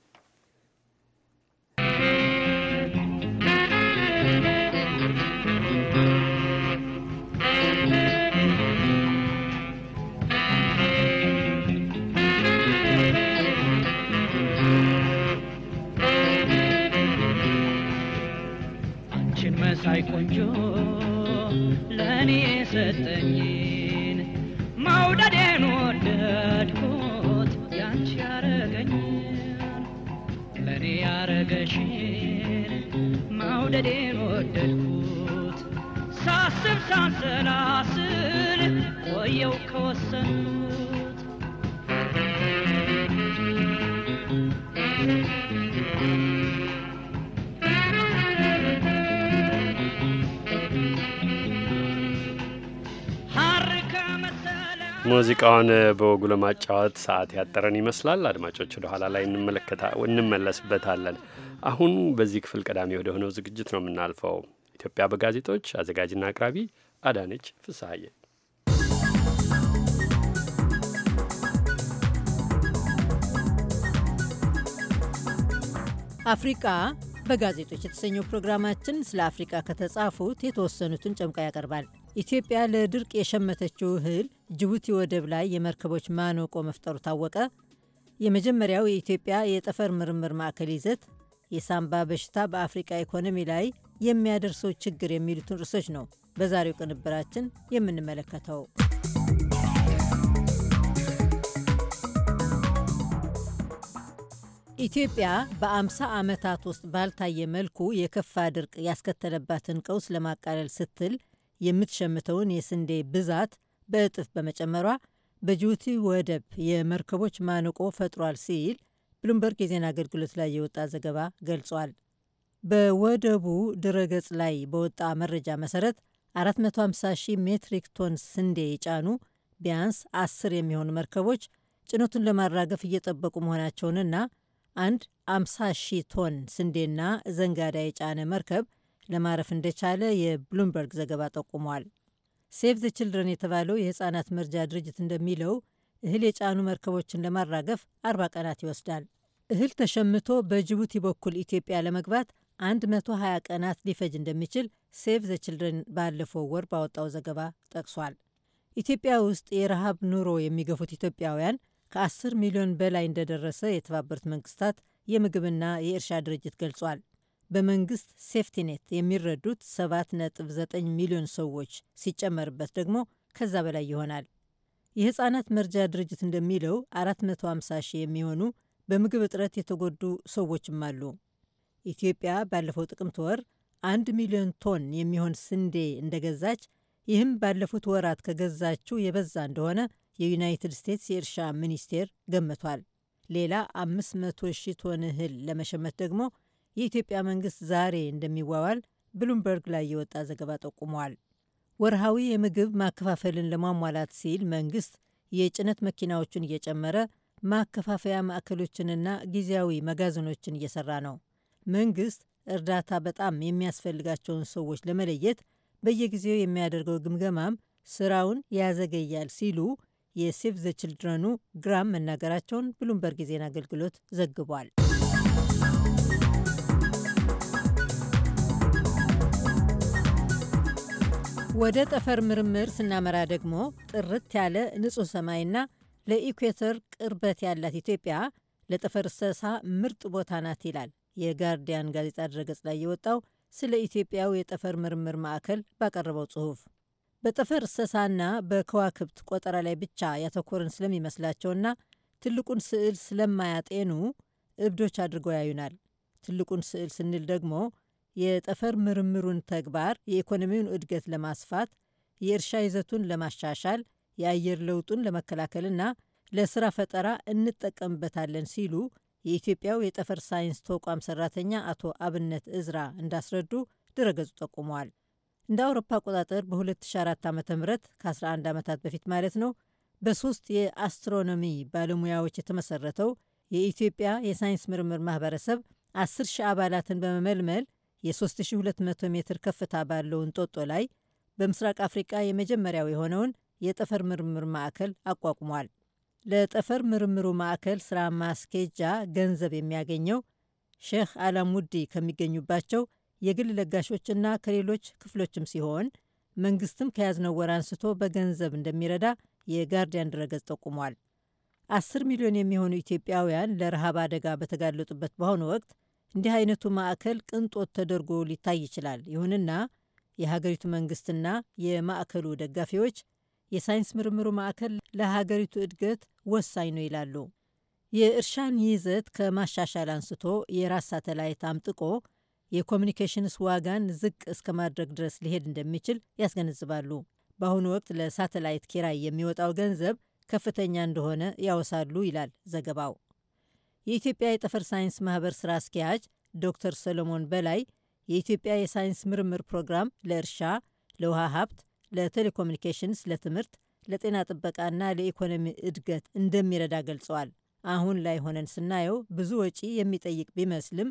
ሙዚቃውን በወጉ ለማጫወት ሰዓት ያጠረን ይመስላል። አድማጮች ወደ ኋላ ላይ እንመለስበታለን። አሁን በዚህ ክፍል ቀዳሚ ወደ ሆነው ዝግጅት ነው የምናልፈው። ኢትዮጵያ በጋዜጦች አዘጋጅና አቅራቢ አዳነች ፍስሐዬ። አፍሪቃ በጋዜጦች የተሰኘው ፕሮግራማችን ስለ አፍሪቃ ከተጻፉት የተወሰኑትን ጨምቃ ያቀርባል። ኢትዮጵያ ለድርቅ የሸመተችው እህል ጅቡቲ ወደብ ላይ የመርከቦች ማነቆ መፍጠሩ ታወቀ። የመጀመሪያው የኢትዮጵያ የጠፈር ምርምር ማዕከል ይዘት፣ የሳምባ በሽታ በአፍሪቃ ኢኮኖሚ ላይ የሚያደርሰው ችግር የሚሉትን ርዕሶች ነው በዛሬው ቅንብራችን የምንመለከተው። ኢትዮጵያ በአምሳ ዓመታት ውስጥ ባልታየ መልኩ የከፋ ድርቅ ያስከተለባትን ቀውስ ለማቃለል ስትል የምትሸምተውን የስንዴ ብዛት በእጥፍ በመጨመሯ በጅቡቲ ወደብ የመርከቦች ማነቆ ፈጥሯል ሲል ብሉምበርግ የዜና አገልግሎት ላይ የወጣ ዘገባ ገልጿል። በወደቡ ድረገጽ ላይ በወጣ መረጃ መሰረት 450,000 ሜትሪክ ቶን ስንዴ የጫኑ ቢያንስ 10 የሚሆኑ መርከቦች ጭነቱን ለማራገፍ እየጠበቁ መሆናቸውንና አንድ ሺህ ቶን ስንዴና ዘንጋዳ የጫነ መርከብ ለማረፍ እንደቻለ የብሉምበርግ ዘገባ ጠቁሟል። ሴቭ ዘ ችልድረን የተባለው የሕፃናት መርጃ ድርጅት እንደሚለው እህል የጫኑ መርከቦችን ለማራገፍ አርባ ቀናት ይወስዳል። እህል ተሸምቶ በጅቡቲ በኩል ኢትዮጵያ ለመግባት 120 ቀናት ሊፈጅ እንደሚችል ሴቭ ዘ ችልድረን ባለፈው ወር ባወጣው ዘገባ ጠቅሷል። ኢትዮጵያ ውስጥ የረሃብ ኑሮ የሚገፉት ኢትዮጵያውያን ከ10 ሚሊዮን በላይ እንደደረሰ የተባበሩት መንግስታት የምግብና የእርሻ ድርጅት ገልጿል። በመንግስት ሴፍቲኔት የሚረዱት 7.9 ሚሊዮን ሰዎች ሲጨመርበት ደግሞ ከዛ በላይ ይሆናል። የሕፃናት መርጃ ድርጅት እንደሚለው 450 ሺህ የሚሆኑ በምግብ እጥረት የተጎዱ ሰዎችም አሉ። ኢትዮጵያ ባለፈው ጥቅምት ወር አንድ ሚሊዮን ቶን የሚሆን ስንዴ እንደገዛች፣ ይህም ባለፉት ወራት ከገዛችው የበዛ እንደሆነ የዩናይትድ ስቴትስ የእርሻ ሚኒስቴር ገምቷል። ሌላ 500 ሺህ ቶን እህል ለመሸመት ደግሞ የኢትዮጵያ መንግስት ዛሬ እንደሚዋዋል ብሉምበርግ ላይ የወጣ ዘገባ ጠቁሟል። ወርሃዊ የምግብ ማከፋፈልን ለማሟላት ሲል መንግስት የጭነት መኪናዎችን እየጨመረ ማከፋፈያ ማዕከሎችንና ጊዜያዊ መጋዘኖችን እየሰራ ነው። መንግስት እርዳታ በጣም የሚያስፈልጋቸውን ሰዎች ለመለየት በየጊዜው የሚያደርገው ግምገማም ስራውን ያዘገያል ሲሉ የሴቭ ዘ ችልድረኑ ግራም መናገራቸውን ብሉምበርግ የዜና አገልግሎት ዘግቧል። ወደ ጠፈር ምርምር ስናመራ ደግሞ ጥርት ያለ ንጹህ ሰማይና ለኢኩዌተር ቅርበት ያላት ኢትዮጵያ ለጠፈር ሰሳ ምርጥ ቦታ ናት ይላል የጋርዲያን ጋዜጣ ድረገጽ ላይ የወጣው ስለ ኢትዮጵያው የጠፈር ምርምር ማዕከል ባቀረበው ጽሑፍ በጠፈር ሰሳና በከዋክብት ቆጠራ ላይ ብቻ ያተኮርን ስለሚመስላቸውና ትልቁን ስዕል ስለማያጤኑ እብዶች አድርገው ያዩናል። ትልቁን ስዕል ስንል ደግሞ የጠፈር ምርምሩን ተግባር የኢኮኖሚውን እድገት ለማስፋት፣ የእርሻ ይዘቱን ለማሻሻል፣ የአየር ለውጡን ለመከላከልና ለስራ ፈጠራ እንጠቀምበታለን ሲሉ የኢትዮጵያው የጠፈር ሳይንስ ተቋም ሰራተኛ አቶ አብነት እዝራ እንዳስረዱ ድረገጹ ጠቁመዋል። እንደ አውሮፓ አቆጣጠር በ2004 ዓ ም ከ11 ዓመታት በፊት ማለት ነው በሶስት የአስትሮኖሚ ባለሙያዎች የተመሰረተው የኢትዮጵያ የሳይንስ ምርምር ማህበረሰብ 10 ሺህ አባላትን በመመልመል የ3200 ሜትር ከፍታ ባለው እንጦጦ ላይ በምስራቅ አፍሪቃ የመጀመሪያው የሆነውን የጠፈር ምርምር ማዕከል አቋቁሟል። ለጠፈር ምርምሩ ማዕከል ስራ ማስኬጃ ገንዘብ የሚያገኘው ሼህ አላሙዲ ከሚገኙባቸው የግል ለጋሾችና ከሌሎች ክፍሎችም ሲሆን መንግስትም ከያዝነው ወር አንስቶ በገንዘብ እንደሚረዳ የጋርዲያን ድረገጽ ጠቁሟል። አስር ሚሊዮን የሚሆኑ ኢትዮጵያውያን ለረሃብ አደጋ በተጋለጡበት በአሁኑ ወቅት እንዲህ አይነቱ ማዕከል ቅንጦት ተደርጎ ሊታይ ይችላል። ይሁንና የሀገሪቱ መንግስትና የማዕከሉ ደጋፊዎች የሳይንስ ምርምሩ ማዕከል ለሀገሪቱ እድገት ወሳኝ ነው ይላሉ። የእርሻን ይዘት ከማሻሻል አንስቶ የራስ ሳተላይት አምጥቆ የኮሚኒኬሽንስ ዋጋን ዝቅ እስከ ማድረግ ድረስ ሊሄድ እንደሚችል ያስገነዝባሉ። በአሁኑ ወቅት ለሳተላይት ኪራይ የሚወጣው ገንዘብ ከፍተኛ እንደሆነ ያወሳሉ ይላል ዘገባው። የኢትዮጵያ የጠፈር ሳይንስ ማህበር ስራ አስኪያጅ ዶክተር ሰሎሞን በላይ የኢትዮጵያ የሳይንስ ምርምር ፕሮግራም ለእርሻ፣ ለውሃ ሀብት፣ ለቴሌኮሙኒኬሽንስ፣ ለትምህርት፣ ለጤና ጥበቃና ለኢኮኖሚ እድገት እንደሚረዳ ገልጸዋል። አሁን ላይ ሆነን ስናየው ብዙ ወጪ የሚጠይቅ ቢመስልም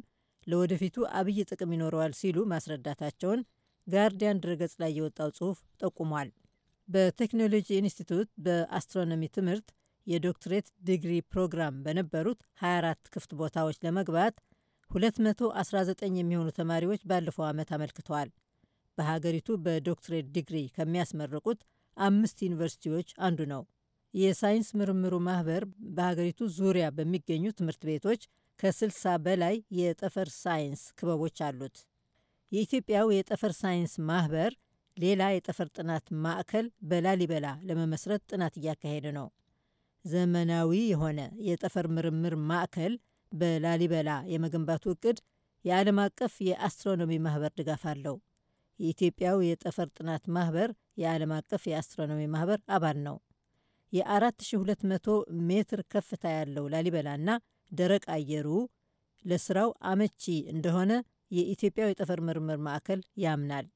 ለወደፊቱ አብይ ጥቅም ይኖረዋል ሲሉ ማስረዳታቸውን ጋርዲያን ድረገጽ ላይ የወጣው ጽሑፍ ጠቁሟል። በቴክኖሎጂ ኢንስቲትዩት በአስትሮኖሚ ትምህርት የዶክትሬት ዲግሪ ፕሮግራም በነበሩት 24 ክፍት ቦታዎች ለመግባት 219 የሚሆኑ ተማሪዎች ባለፈው ዓመት አመልክተዋል። በሀገሪቱ በዶክትሬት ዲግሪ ከሚያስመርቁት አምስት ዩኒቨርሲቲዎች አንዱ ነው። የሳይንስ ምርምሩ ማህበር በሀገሪቱ ዙሪያ በሚገኙ ትምህርት ቤቶች ከ60 በላይ የጠፈር ሳይንስ ክበቦች አሉት። የኢትዮጵያው የጠፈር ሳይንስ ማህበር ሌላ የጠፈር ጥናት ማዕከል በላሊበላ ለመመስረት ጥናት እያካሄደ ነው። ዘመናዊ የሆነ የጠፈር ምርምር ማዕከል በላሊበላ የመገንባቱ እቅድ የዓለም አቀፍ የአስትሮኖሚ ማህበር ድጋፍ አለው። የኢትዮጵያው የጠፈር ጥናት ማህበር የዓለም አቀፍ የአስትሮኖሚ ማህበር አባል ነው። የ4200 ሜትር ከፍታ ያለው ላሊበላና ደረቅ አየሩ ለስራው አመቺ እንደሆነ የኢትዮጵያው የጠፈር ምርምር ማዕከል ያምናል።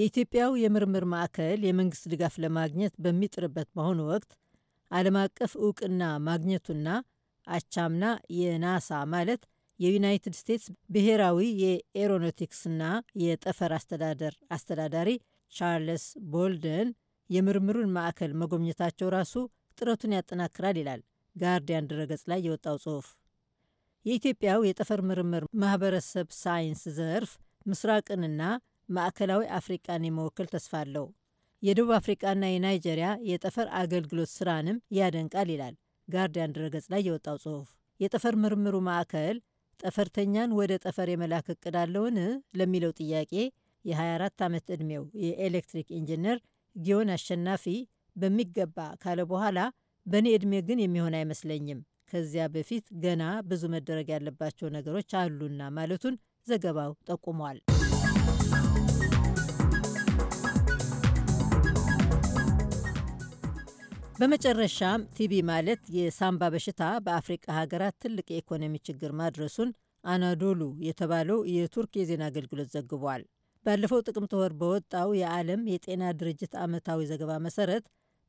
የኢትዮጵያው የምርምር ማዕከል የመንግስት ድጋፍ ለማግኘት በሚጥርበት በአሁኑ ወቅት ዓለም አቀፍ እውቅና ማግኘቱና አቻምና የናሳ ማለት የዩናይትድ ስቴትስ ብሔራዊ የኤሮኖቲክስና የጠፈር አስተዳደር አስተዳዳሪ ቻርልስ ቦልደን የምርምሩን ማዕከል መጎብኘታቸው ራሱ ጥረቱን ያጠናክራል ይላል ጋርዲያን ድረገጽ ላይ የወጣው ጽሑፍ። የኢትዮጵያው የጠፈር ምርምር ማህበረሰብ ሳይንስ ዘርፍ ምስራቅንና ማዕከላዊ አፍሪቃን የመወከል ተስፋ አለው። የደቡብ አፍሪቃና የናይጀሪያ የጠፈር አገልግሎት ስራንም ያደንቃል ይላል ጋርዲያን ድረገጽ ላይ የወጣው ጽሑፍ። የጠፈር ምርምሩ ማዕከል ጠፈርተኛን ወደ ጠፈር የመላክ እቅድ አለውን ለሚለው ጥያቄ የ24 ዓመት ዕድሜው የኤሌክትሪክ ኢንጂነር ጊዮን አሸናፊ በሚገባ ካለ በኋላ በእኔ ዕድሜ ግን የሚሆን አይመስለኝም፣ ከዚያ በፊት ገና ብዙ መደረግ ያለባቸው ነገሮች አሉና ማለቱን ዘገባው ጠቁሟል። በመጨረሻም ቲቢ ማለት የሳምባ በሽታ በአፍሪቃ ሀገራት ትልቅ የኢኮኖሚ ችግር ማድረሱን አናዶሉ የተባለው የቱርክ የዜና አገልግሎት ዘግቧል። ባለፈው ጥቅምት ወር በወጣው የዓለም የጤና ድርጅት ዓመታዊ ዘገባ መሰረት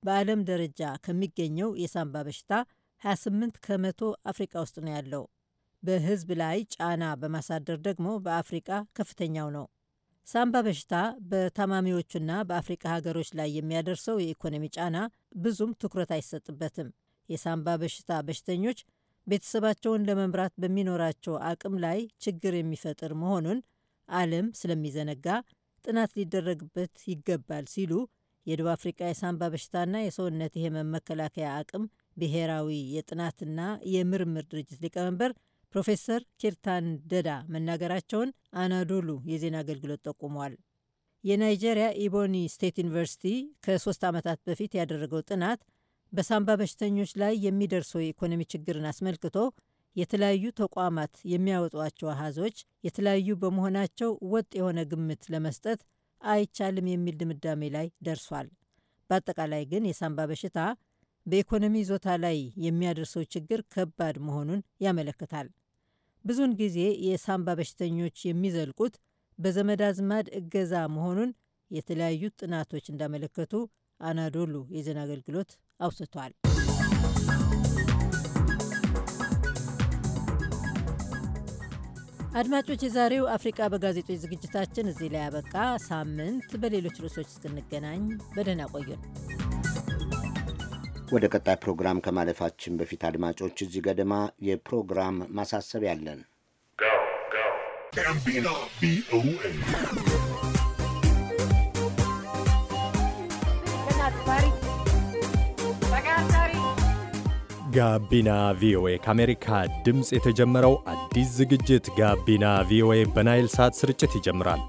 በዓለም ደረጃ ከሚገኘው የሳምባ በሽታ 28 ከመቶ አፍሪቃ ውስጥ ነው ያለው። በህዝብ ላይ ጫና በማሳደር ደግሞ በአፍሪቃ ከፍተኛው ነው። ሳምባ በሽታ በታማሚዎቹና በአፍሪካ ሀገሮች ላይ የሚያደርሰው የኢኮኖሚ ጫና ብዙም ትኩረት አይሰጥበትም። የሳምባ በሽታ በሽተኞች ቤተሰባቸውን ለመምራት በሚኖራቸው አቅም ላይ ችግር የሚፈጥር መሆኑን ዓለም ስለሚዘነጋ ጥናት ሊደረግበት ይገባል ሲሉ የደቡብ አፍሪቃ የሳምባ በሽታና የሰውነት የህመም መከላከያ አቅም ብሔራዊ የጥናትና የምርምር ድርጅት ሊቀመንበር ፕሮፌሰር ኪርታን ደዳ መናገራቸውን አናዶሉ የዜና አገልግሎት ጠቁመዋል። የናይጄሪያ ኢቦኒ ስቴት ዩኒቨርሲቲ ከሶስት ዓመታት በፊት ያደረገው ጥናት በሳምባ በሽተኞች ላይ የሚደርሰው የኢኮኖሚ ችግርን አስመልክቶ የተለያዩ ተቋማት የሚያወጧቸው አሃዞች የተለያዩ በመሆናቸው ወጥ የሆነ ግምት ለመስጠት አይቻልም የሚል ድምዳሜ ላይ ደርሷል። በአጠቃላይ ግን የሳምባ በሽታ በኢኮኖሚ ይዞታ ላይ የሚያደርሰው ችግር ከባድ መሆኑን ያመለክታል። ብዙውን ጊዜ የሳምባ በሽተኞች የሚዘልቁት በዘመድ አዝማድ እገዛ መሆኑን የተለያዩ ጥናቶች እንዳመለከቱ አናዶሉ የዜና አገልግሎት አውስቷል። አድማጮች፣ የዛሬው አፍሪቃ በጋዜጦች ዝግጅታችን እዚህ ላይ ያበቃ። ሳምንት በሌሎች ርዕሶች እስክንገናኝ በደህና ቆዩን። ወደ ቀጣይ ፕሮግራም ከማለፋችን በፊት አድማጮች፣ እዚህ ገደማ የፕሮግራም ማሳሰብ ያለን ጋቢና ቪኦኤ ከአሜሪካ ድምፅ የተጀመረው አዲስ ዝግጅት ጋቢና ቪኦኤ በናይል ሳት ስርጭት ይጀምራል።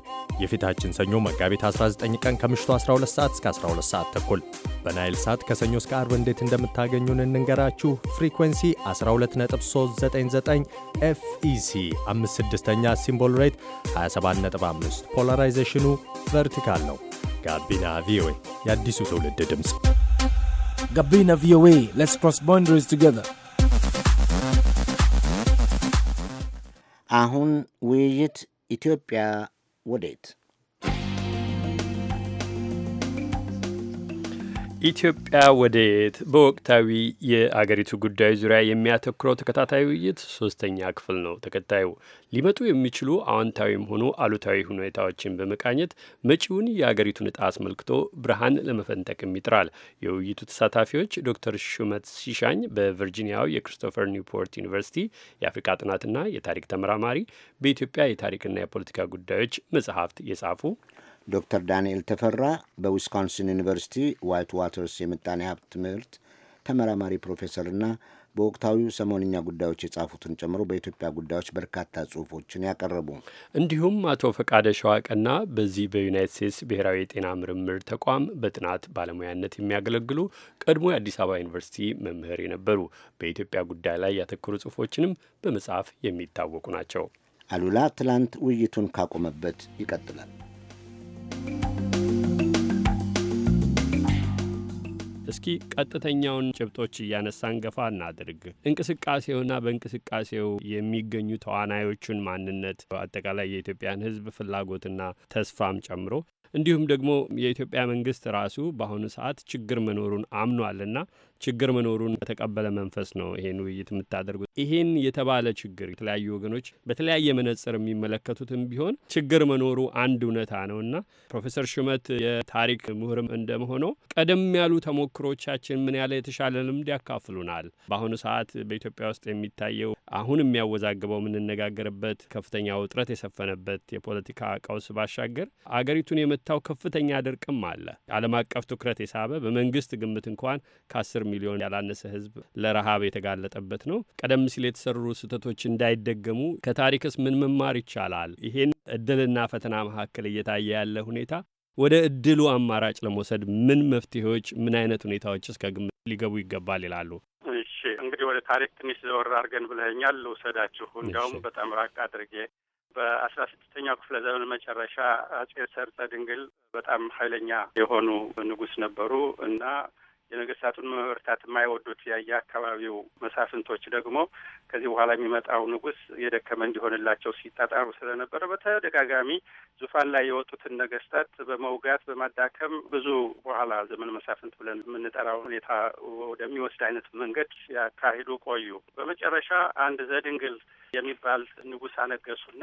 የፊታችን ሰኞ መጋቢት 19 ቀን ከምሽቱ 12 ሰዓት እስከ 12 ሰዓት ተኩል በናይል ሳት ከሰኞ እስከ አርብ እንዴት እንደምታገኙን እንንገራችሁ። ፍሪኩንሲ 12399 ኤፍኢሲ 56ኛ ሲምቦል ሬት 275 ፖላራይዜሽኑ ቨርቲካል ነው። ጋቢና ቪኦኤ የአዲሱ ትውልድ ድምፅ Gabina VOA. Let's cross boundaries together. አሁን ውይይት ኢትዮጵያ ወዴት ኢትዮጵያ ወደየት በወቅታዊ የአገሪቱ ጉዳዮች ዙሪያ የሚያተኩረው ተከታታይ ውይይት ሶስተኛ ክፍል ነው። ተከታዩ ሊመጡ የሚችሉ አዎንታዊም ሆኑ አሉታዊ ሁኔታዎችን በመቃኘት መጪውን የአገሪቱን ዕጣ አስመልክቶ ብርሃን ለመፈንጠቅም ይጥራል። የውይይቱ ተሳታፊዎች ዶክተር ሹመት ሲሻኝ በቨርጂኒያው የክሪስቶፈር ኒውፖርት ዩኒቨርሲቲ የአፍሪካ ጥናትና የታሪክ ተመራማሪ፣ በኢትዮጵያ የታሪክና የፖለቲካ ጉዳዮች መጽሐፍት የጻፉ ዶክተር ዳንኤል ተፈራ በዊስኮንሲን ዩኒቨርሲቲ ዋይት ዋተርስ የምጣኔ ሀብት ትምህርት ተመራማሪ ፕሮፌሰርና በወቅታዊ ሰሞንኛ ጉዳዮች የጻፉትን ጨምሮ በኢትዮጵያ ጉዳዮች በርካታ ጽሁፎችን ያቀረቡ እንዲሁም አቶ ፈቃደ ሸዋቀና በዚህ በዩናይት ስቴትስ ብሔራዊ የጤና ምርምር ተቋም በጥናት ባለሙያነት የሚያገለግሉ ቀድሞ የአዲስ አበባ ዩኒቨርሲቲ መምህር የነበሩ በኢትዮጵያ ጉዳይ ላይ ያተኮሩ ጽሁፎችንም በመጽሐፍ የሚታወቁ ናቸው። አሉላ ትላንት ውይይቱን ካቆመበት ይቀጥላል። እስኪ ቀጥተኛውን ጭብጦች እያነሳን ገፋ እናድርግ። እንቅስቃሴውና በእንቅስቃሴው የሚገኙ ተዋናዮቹን ማንነት አጠቃላይ የኢትዮጵያን ሕዝብ ፍላጎትና ተስፋም ጨምሮ እንዲሁም ደግሞ የኢትዮጵያ መንግስት ራሱ በአሁኑ ሰዓት ችግር መኖሩን አምኗልና ችግር መኖሩን በተቀበለ መንፈስ ነው ይሄን ውይይት የምታደርጉት። ይሄን የተባለ ችግር የተለያዩ ወገኖች በተለያየ መነጽር የሚመለከቱትም ቢሆን ችግር መኖሩ አንድ እውነታ ነው እና ፕሮፌሰር ሹመት የታሪክ ምሁርም እንደመሆነው ቀደም ያሉ ተሞክሮቻችን ምን ያለ የተሻለ ልምድ ያካፍሉናል። በአሁኑ ሰዓት በኢትዮጵያ ውስጥ የሚታየው አሁን የሚያወዛግበው የምንነጋገርበት ከፍተኛ ውጥረት የሰፈነበት የፖለቲካ ቀውስ ባሻገር አገሪቱን የመታው ከፍተኛ ድርቅም አለ። ዓለም አቀፍ ትኩረት የሳበ በመንግስት ግምት እንኳን ከአስር ሚሊዮን ያላነሰ ህዝብ ለረሃብ የተጋለጠበት ነው። ቀደም ሲል የተሰሩ ስህተቶች እንዳይደገሙ ከታሪክስ ምን መማር ይቻላል? ይሄን እድልና ፈተና መካከል እየታየ ያለ ሁኔታ ወደ እድሉ አማራጭ ለመውሰድ ምን መፍትሄዎች፣ ምን አይነት ሁኔታዎች እስከ ግምት ሊገቡ ይገባል ይላሉ? እሺ እንግዲህ ወደ ታሪክ ትንሽ ዘወር አድርገን ብለኛል ልውሰዳችሁ እንዲያውም በጣም ራቅ አድርጌ በአስራ ስድስተኛው ክፍለ ዘመን መጨረሻ አጼ ሰርጸ ድንግል በጣም ኃይለኛ የሆኑ ንጉስ ነበሩ እና የነገስታቱን መበርታት የማይወዱት የአካባቢው መሳፍንቶች ደግሞ ከዚህ በኋላ የሚመጣው ንጉስ የደከመ እንዲሆንላቸው ሲጣጣሩ ስለነበረ በተደጋጋሚ ዙፋን ላይ የወጡትን ነገስታት በመውጋት በማዳከም ብዙ በኋላ ዘመን መሳፍንት ብለን የምንጠራው ሁኔታ ወደሚወስድ አይነት መንገድ ያካሂዱ ቆዩ። በመጨረሻ አንድ ዘድንግል የሚባል ንጉስ አነገሱና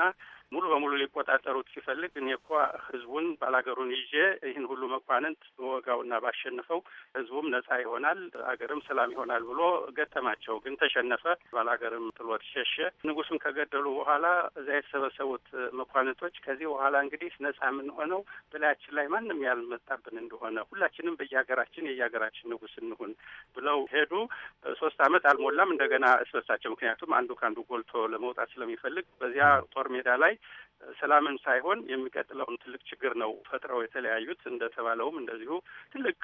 ሙሉ በሙሉ ሊቆጣጠሩት ሲፈልግ እኔ እኮ ህዝቡን ባላገሩን ይዤ ይህን ሁሉ መኳንንት በወጋውና ባሸንፈው ህዝቡም ነጻ ይሆናል፣ አገርም ሰላም ይሆናል ብሎ ገጠማቸው። ግን ተሸነፈ። ባላገርም ጥሎት ሸሸ። ንጉሱን ከገደሉ በኋላ እዚያ የተሰበሰቡት መኳንንቶች ከዚህ በኋላ እንግዲህ ነጻ የምንሆነው በላያችን ላይ ማንም ያልመጣብን እንደሆነ ሁላችንም በየሀገራችን የየሀገራችን ንጉስ እንሁን ብለው ሄዱ። ሶስት አመት አልሞላም እንደገና እስበሳቸው። ምክንያቱም አንዱ ከአንዱ ጎልቶ ለመውጣት ስለሚፈልግ በዚያ ጦር ሜዳ ላይ ሰላምን ሳይሆን የሚቀጥለውን ትልቅ ችግር ነው ፈጥረው የተለያዩት። እንደተባለውም እንደዚሁ ትልቅ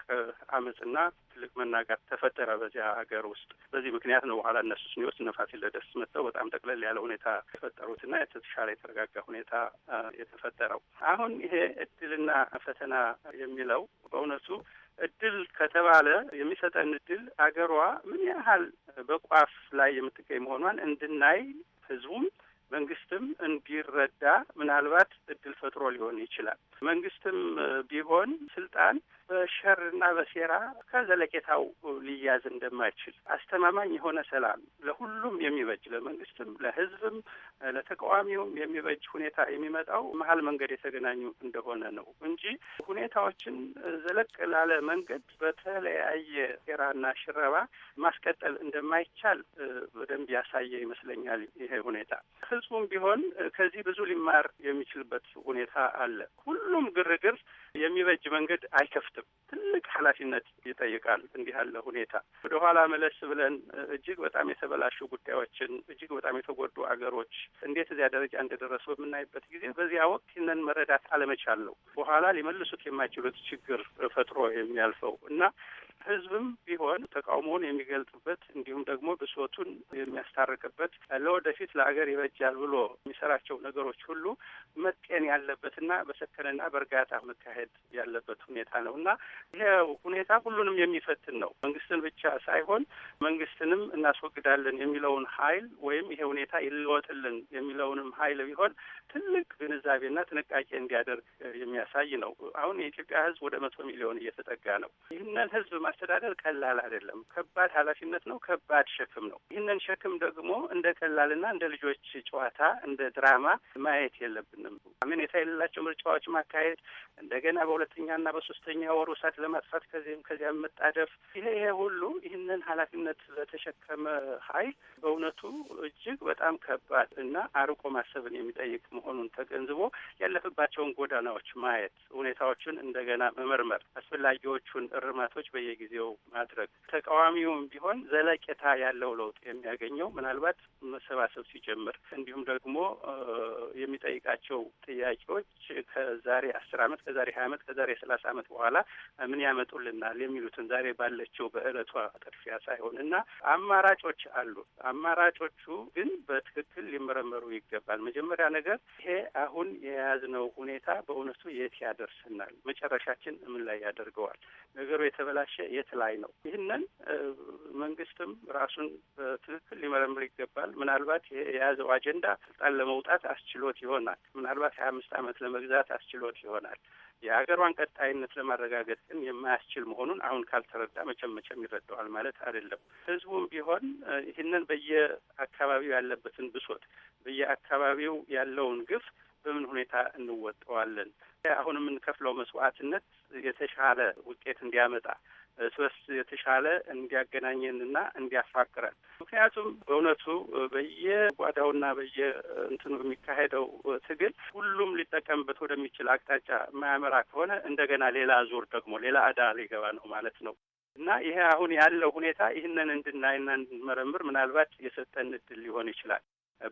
አመፅና ትልቅ መናጋት ተፈጠረ በዚያ ሀገር ውስጥ። በዚህ ምክንያት ነው በኋላ እነሱ ስኒዎች እነ ፋሲለደስ መጥተው በጣም ጠቅለል ያለ ሁኔታ የፈጠሩትና የተሻለ የተረጋጋ ሁኔታ የተፈጠረው። አሁን ይሄ እድልና ፈተና የሚለው በእውነቱ እድል ከተባለ የሚሰጠን እድል አገሯ ምን ያህል በቋፍ ላይ የምትገኝ መሆኗን እንድናይ ህዝቡም መንግስትም እንዲረዳ ምናልባት እድል ፈጥሮ ሊሆን ይችላል። መንግስትም ቢሆን ስልጣን በሸርና በሴራ ከዘለቄታው ሊያዝ እንደማይችል አስተማማኝ የሆነ ሰላም ለሁሉም የሚበጅ ለመንግስትም፣ ለህዝብም፣ ለተቃዋሚውም የሚበጅ ሁኔታ የሚመጣው መሀል መንገድ የተገናኙ እንደሆነ ነው እንጂ ሁኔታዎችን ዘለቅ ላለ መንገድ በተለያየ ሴራና ሽረባ ማስቀጠል እንደማይቻል በደንብ ያሳየ ይመስለኛል ይሄ ሁኔታ። ህዝቡም ቢሆን ከዚህ ብዙ ሊማር የሚችልበት ሁኔታ አለ። ሁሉም ግርግር የሚበጅ መንገድ አይከፍትም። ትልቅ ኃላፊነት ይጠይቃል። እንዲህ ያለ ሁኔታ ወደ ኋላ መለስ ብለን እጅግ በጣም የተበላሹ ጉዳዮችን፣ እጅግ በጣም የተጎዱ አገሮች እንዴት እዚያ ደረጃ እንደደረሱ በምናይበት ጊዜ በዚያ ወቅት ይህንን መረዳት አለመቻል ነው በኋላ ሊመልሱት የማይችሉት ችግር ፈጥሮ የሚያልፈው እና ህዝብም ቢሆን ተቃውሞውን የሚገልጽበት እንዲሁም ደግሞ ብሶቱን የሚያስታርቅበት ለወደፊት ለአገር ይበጃል ብሎ የሚሰራቸው ነገሮች ሁሉ መጤን ያለበትና በሰከነና በእርጋታ መካሄድ ያለበት ሁኔታ ነው እና ይሄ ሁኔታ ሁሉንም የሚፈትን ነው። መንግስትን ብቻ ሳይሆን መንግስትንም እናስወግዳለን የሚለውን ኃይል ወይም ይሄ ሁኔታ ይለወጥልን የሚለውንም ኃይል ቢሆን ትልቅ ግንዛቤና ጥንቃቄ እንዲያደርግ የሚያሳይ ነው። አሁን የኢትዮጵያ ህዝብ ወደ መቶ ሚሊዮን እየተጠጋ ነው። ይህንን ህዝብ ማስተዳደር ቀላል አይደለም። ከባድ ኃላፊነት ነው። ከባድ ሸክም ነው። ይህንን ሸክም ደግሞ እንደ ቀላልና እንደ ልጆች ጨዋታ፣ እንደ ድራማ ማየት የለብንም። አመኔታ የሌላቸው ምርጫዎች ማካሄድ፣ እንደገና በሁለተኛና በሶስተኛ ወሩ እሳት ለማጥፋት ከዚህም ከዚያም መጣደፍ፣ ይሄ ይሄ ሁሉ ይህንን ኃላፊነት ለተሸከመ ኃይል በእውነቱ እጅግ በጣም ከባድ እና አርቆ ማሰብን የሚጠይቅ መሆኑን ተገንዝቦ ያለፈባቸውን ጎዳናዎች ማየት፣ ሁኔታዎችን እንደገና መመርመር፣ አስፈላጊዎቹን እርማቶች በየጊዜ በየጊዜው ማድረግ ተቃዋሚውም ቢሆን ዘለቄታ ያለው ለውጥ የሚያገኘው ምናልባት መሰባሰብ ሲጀምር እንዲሁም ደግሞ የሚጠይቃቸው ጥያቄዎች ከዛሬ አስር አመት ከዛሬ ሀያ አመት ከዛሬ ሰላሳ አመት በኋላ ምን ያመጡልናል የሚሉትን ዛሬ ባለችው በእለቷ ጥድፊያ ሳይሆን እና አማራጮች አሉ። አማራጮቹ ግን በትክክል ሊመረመሩ ይገባል። መጀመሪያ ነገር ይሄ አሁን የያዝነው ሁኔታ በእውነቱ የት ያደርስናል? መጨረሻችን ምን ላይ ያደርገዋል? ነገሩ የተበላሸ የት ላይ ነው? ይህንን መንግስትም ራሱን በትክክል ሊመረምር ይገባል። ምናልባት የያዘው አጀንዳ ስልጣን ለመውጣት አስችሎት ይሆናል። ምናልባት ሀያ አምስት አመት ለመግዛት አስችሎት ይሆናል። የሀገሯን ቀጣይነት ለማረጋገጥ ግን የማያስችል መሆኑን አሁን ካልተረዳ መቼም መቼም ይረዳዋል ማለት አይደለም። ህዝቡም ቢሆን ይህንን በየአካባቢው ያለበትን ብሶት፣ በየአካባቢው ያለውን ግፍ በምን ሁኔታ እንወጠዋለን? አሁን የምንከፍለው መስዋዕትነት የተሻለ ውጤት እንዲያመጣ እርስ የተሻለ እንዲያገናኘንና እንዲያፋቅረን ምክንያቱም በእውነቱ በየጓዳውና በየእንትኑ የሚካሄደው ትግል ሁሉም ሊጠቀምበት ወደሚችል አቅጣጫ የማያመራ ከሆነ እንደገና ሌላ ዙር ደግሞ ሌላ እዳ ሊገባ ነው ማለት ነው። እና ይሄ አሁን ያለው ሁኔታ ይህንን እንድናይና እንድንመረምር ምናልባት የሰጠን እድል ሊሆን ይችላል።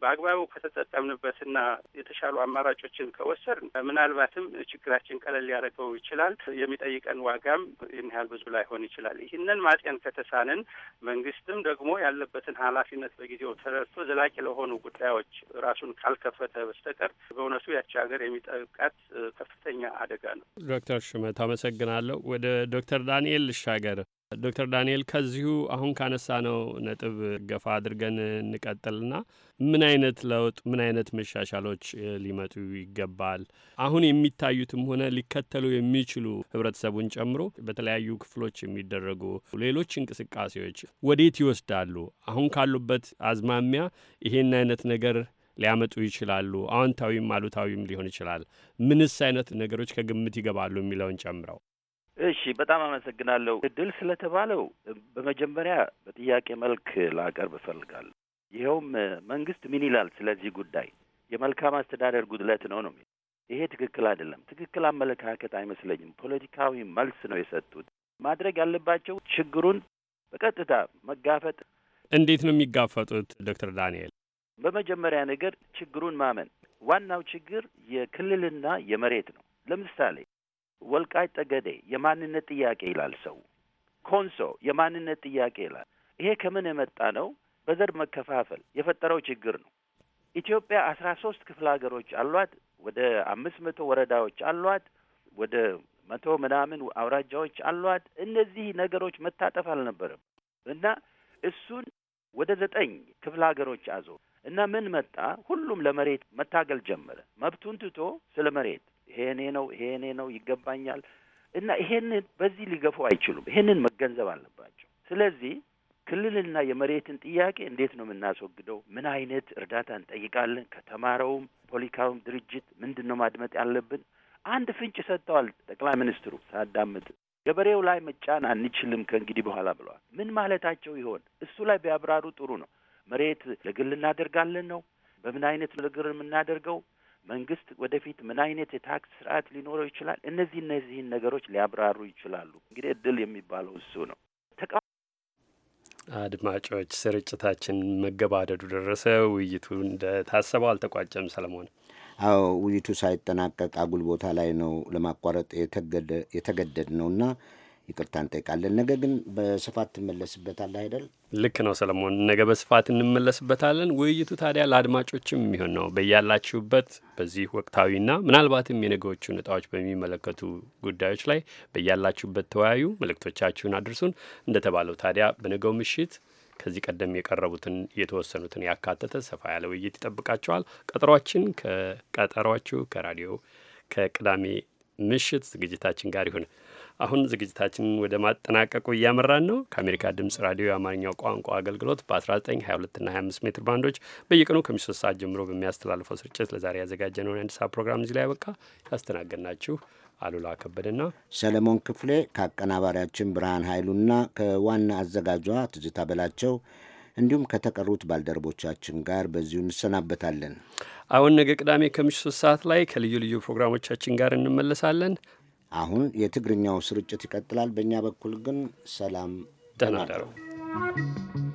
በአግባቡ ከተጠቀምንበትና የተሻሉ አማራጮችን ከወሰድ ምናልባትም ችግራችን ቀለል ሊያደርገው ይችላል። የሚጠይቀን ዋጋም ይህን ያህል ብዙ ላይሆን ይችላል። ይህንን ማጤን ከተሳንን መንግስትም ደግሞ ያለበትን ኃላፊነት በጊዜው ተረድቶ ዘላቂ ለሆኑ ጉዳዮች ራሱን ካልከፈተ በስተቀር በእውነቱ ያቺ ሀገር የሚጠብቃት ከፍተኛ አደጋ ነው። ዶክተር ሹመት አመሰግናለሁ። ወደ ዶክተር ዳንኤል ልሻገር። ዶክተር ዳንኤል ከዚሁ አሁን ካነሳ ነው ነጥብ ገፋ አድርገን እንቀጥልና ምን አይነት ለውጥ ምን አይነት መሻሻሎች ሊመጡ ይገባል? አሁን የሚታዩትም ሆነ ሊከተሉ የሚችሉ ህብረተሰቡን ጨምሮ በተለያዩ ክፍሎች የሚደረጉ ሌሎች እንቅስቃሴዎች ወዴት ይወስዳሉ? አሁን ካሉበት አዝማሚያ ይሄን አይነት ነገር ሊያመጡ ይችላሉ። አዎንታዊም አሉታዊም ሊሆን ይችላል። ምንስ አይነት ነገሮች ከግምት ይገባሉ የሚለውን ጨምረው እሺ በጣም አመሰግናለሁ እድል ስለተባለው በመጀመሪያ በጥያቄ መልክ ላቀርብ እፈልጋለሁ። ይኸውም መንግስት ምን ይላል ስለዚህ ጉዳይ የመልካም አስተዳደር ጉድለት ነው ነው። ይሄ ትክክል አይደለም፣ ትክክል አመለካከት አይመስለኝም። ፖለቲካዊ መልስ ነው የሰጡት። ማድረግ ያለባቸው ችግሩን በቀጥታ መጋፈጥ። እንዴት ነው የሚጋፈጡት ዶክተር ዳንኤል? በመጀመሪያ ነገር ችግሩን ማመን። ዋናው ችግር የክልልና የመሬት ነው። ለምሳሌ ወልቃይ ጠገዴ የማንነት ጥያቄ ይላል ሰው። ኮንሶ የማንነት ጥያቄ ይላል። ይሄ ከምን የመጣ ነው? በዘር መከፋፈል የፈጠረው ችግር ነው። ኢትዮጵያ አስራ ሶስት ክፍለ ሀገሮች አሏት። ወደ አምስት መቶ ወረዳዎች አሏት። ወደ መቶ ምናምን አውራጃዎች አሏት። እነዚህ ነገሮች መታጠፍ አልነበረም እና እሱን ወደ ዘጠኝ ክፍለ ሀገሮች አዞ እና ምን መጣ? ሁሉም ለመሬት መታገል ጀመረ። መብቱን ትቶ ስለ መሬት ይሄኔ ነው፣ ይሄኔ ነው፣ ይገባኛል እና ይሄንን በዚህ ሊገፉ አይችሉም። ይሄንን መገንዘብ አለባቸው። ስለዚህ ክልልና የመሬትን ጥያቄ እንዴት ነው የምናስወግደው? ምን አይነት እርዳታ እንጠይቃለን? ከተማረውም ፖለቲካውም ድርጅት ምንድን ነው ማድመጥ ያለብን? አንድ ፍንጭ ሰጥተዋል ጠቅላይ ሚኒስትሩ ሳዳምጥ ገበሬው ላይ መጫን አንችልም ከእንግዲህ በኋላ ብለዋል። ምን ማለታቸው ይሆን? እሱ ላይ ቢያብራሩ ጥሩ ነው። መሬት ለግል እናደርጋለን ነው? በምን አይነት ለግል የምናደርገው? መንግስት ወደፊት ምን አይነት የታክስ ስርዓት ሊኖረው ይችላል? እነዚህ እነዚህን ነገሮች ሊያብራሩ ይችላሉ። እንግዲህ እድል የሚባለው እሱ ነው። አድማጮች፣ ስርጭታችን መገባደዱ ደረሰ። ውይይቱ እንደታሰበው አልተቋጨም። ሰለሞን፣ አዎ ውይይቱ ሳይጠናቀቅ አጉል ቦታ ላይ ነው ለማቋረጥ የተገደድ ነውና ይቅርታ እንጠይቃለን። ነገ ግን በስፋት ትመለስበታል አይደል? ልክ ነው ሰለሞን፣ ነገ በስፋት እንመለስበታለን። ውይይቱ ታዲያ ለአድማጮችም የሚሆን ነው። በያላችሁበት በዚህ ወቅታዊና ምናልባትም የነገዎቹን እጣዎች በሚመለከቱ ጉዳዮች ላይ በያላችሁበት ተወያዩ፣ መልእክቶቻችሁን አድርሱን። እንደተባለው ታዲያ በነገው ምሽት ከዚህ ቀደም የቀረቡትን የተወሰኑትን ያካተተ ሰፋ ያለ ውይይት ይጠብቃቸዋል። ቀጠሯችን ከቀጠሯችሁ ከራዲዮ ከቅዳሜ ምሽት ዝግጅታችን ጋር ይሁን። አሁን ዝግጅታችንን ወደ ማጠናቀቁ እያመራን ነው። ከአሜሪካ ድምጽ ራዲዮ የአማርኛው ቋንቋ አገልግሎት በ19፣ 22 25 ሜትር ባንዶች በየቀኑ ከምሽቱ ሰዓት ጀምሮ በሚያስተላልፈው ስርጭት ለዛሬ ያዘጋጀነውን የአንድ ሰዓት ፕሮግራም እዚህ ላይ ያበቃ። ያስተናገድናችሁ አሉላ ከበደና ሰለሞን ክፍሌ ከአቀናባሪያችን ብርሃን ኃይሉና ከዋና አዘጋጇ ትዝታ በላቸው እንዲሁም ከተቀሩት ባልደረቦቻችን ጋር በዚሁ እንሰናበታለን። አሁን ነገ ቅዳሜ ከምሽቱ ሶስት ሰዓት ላይ ከልዩ ልዩ ፕሮግራሞቻችን ጋር እንመለሳለን። አሁን የትግርኛው ስርጭት ይቀጥላል። በእኛ በኩል ግን ሰላም፣ ደህና እደሩ።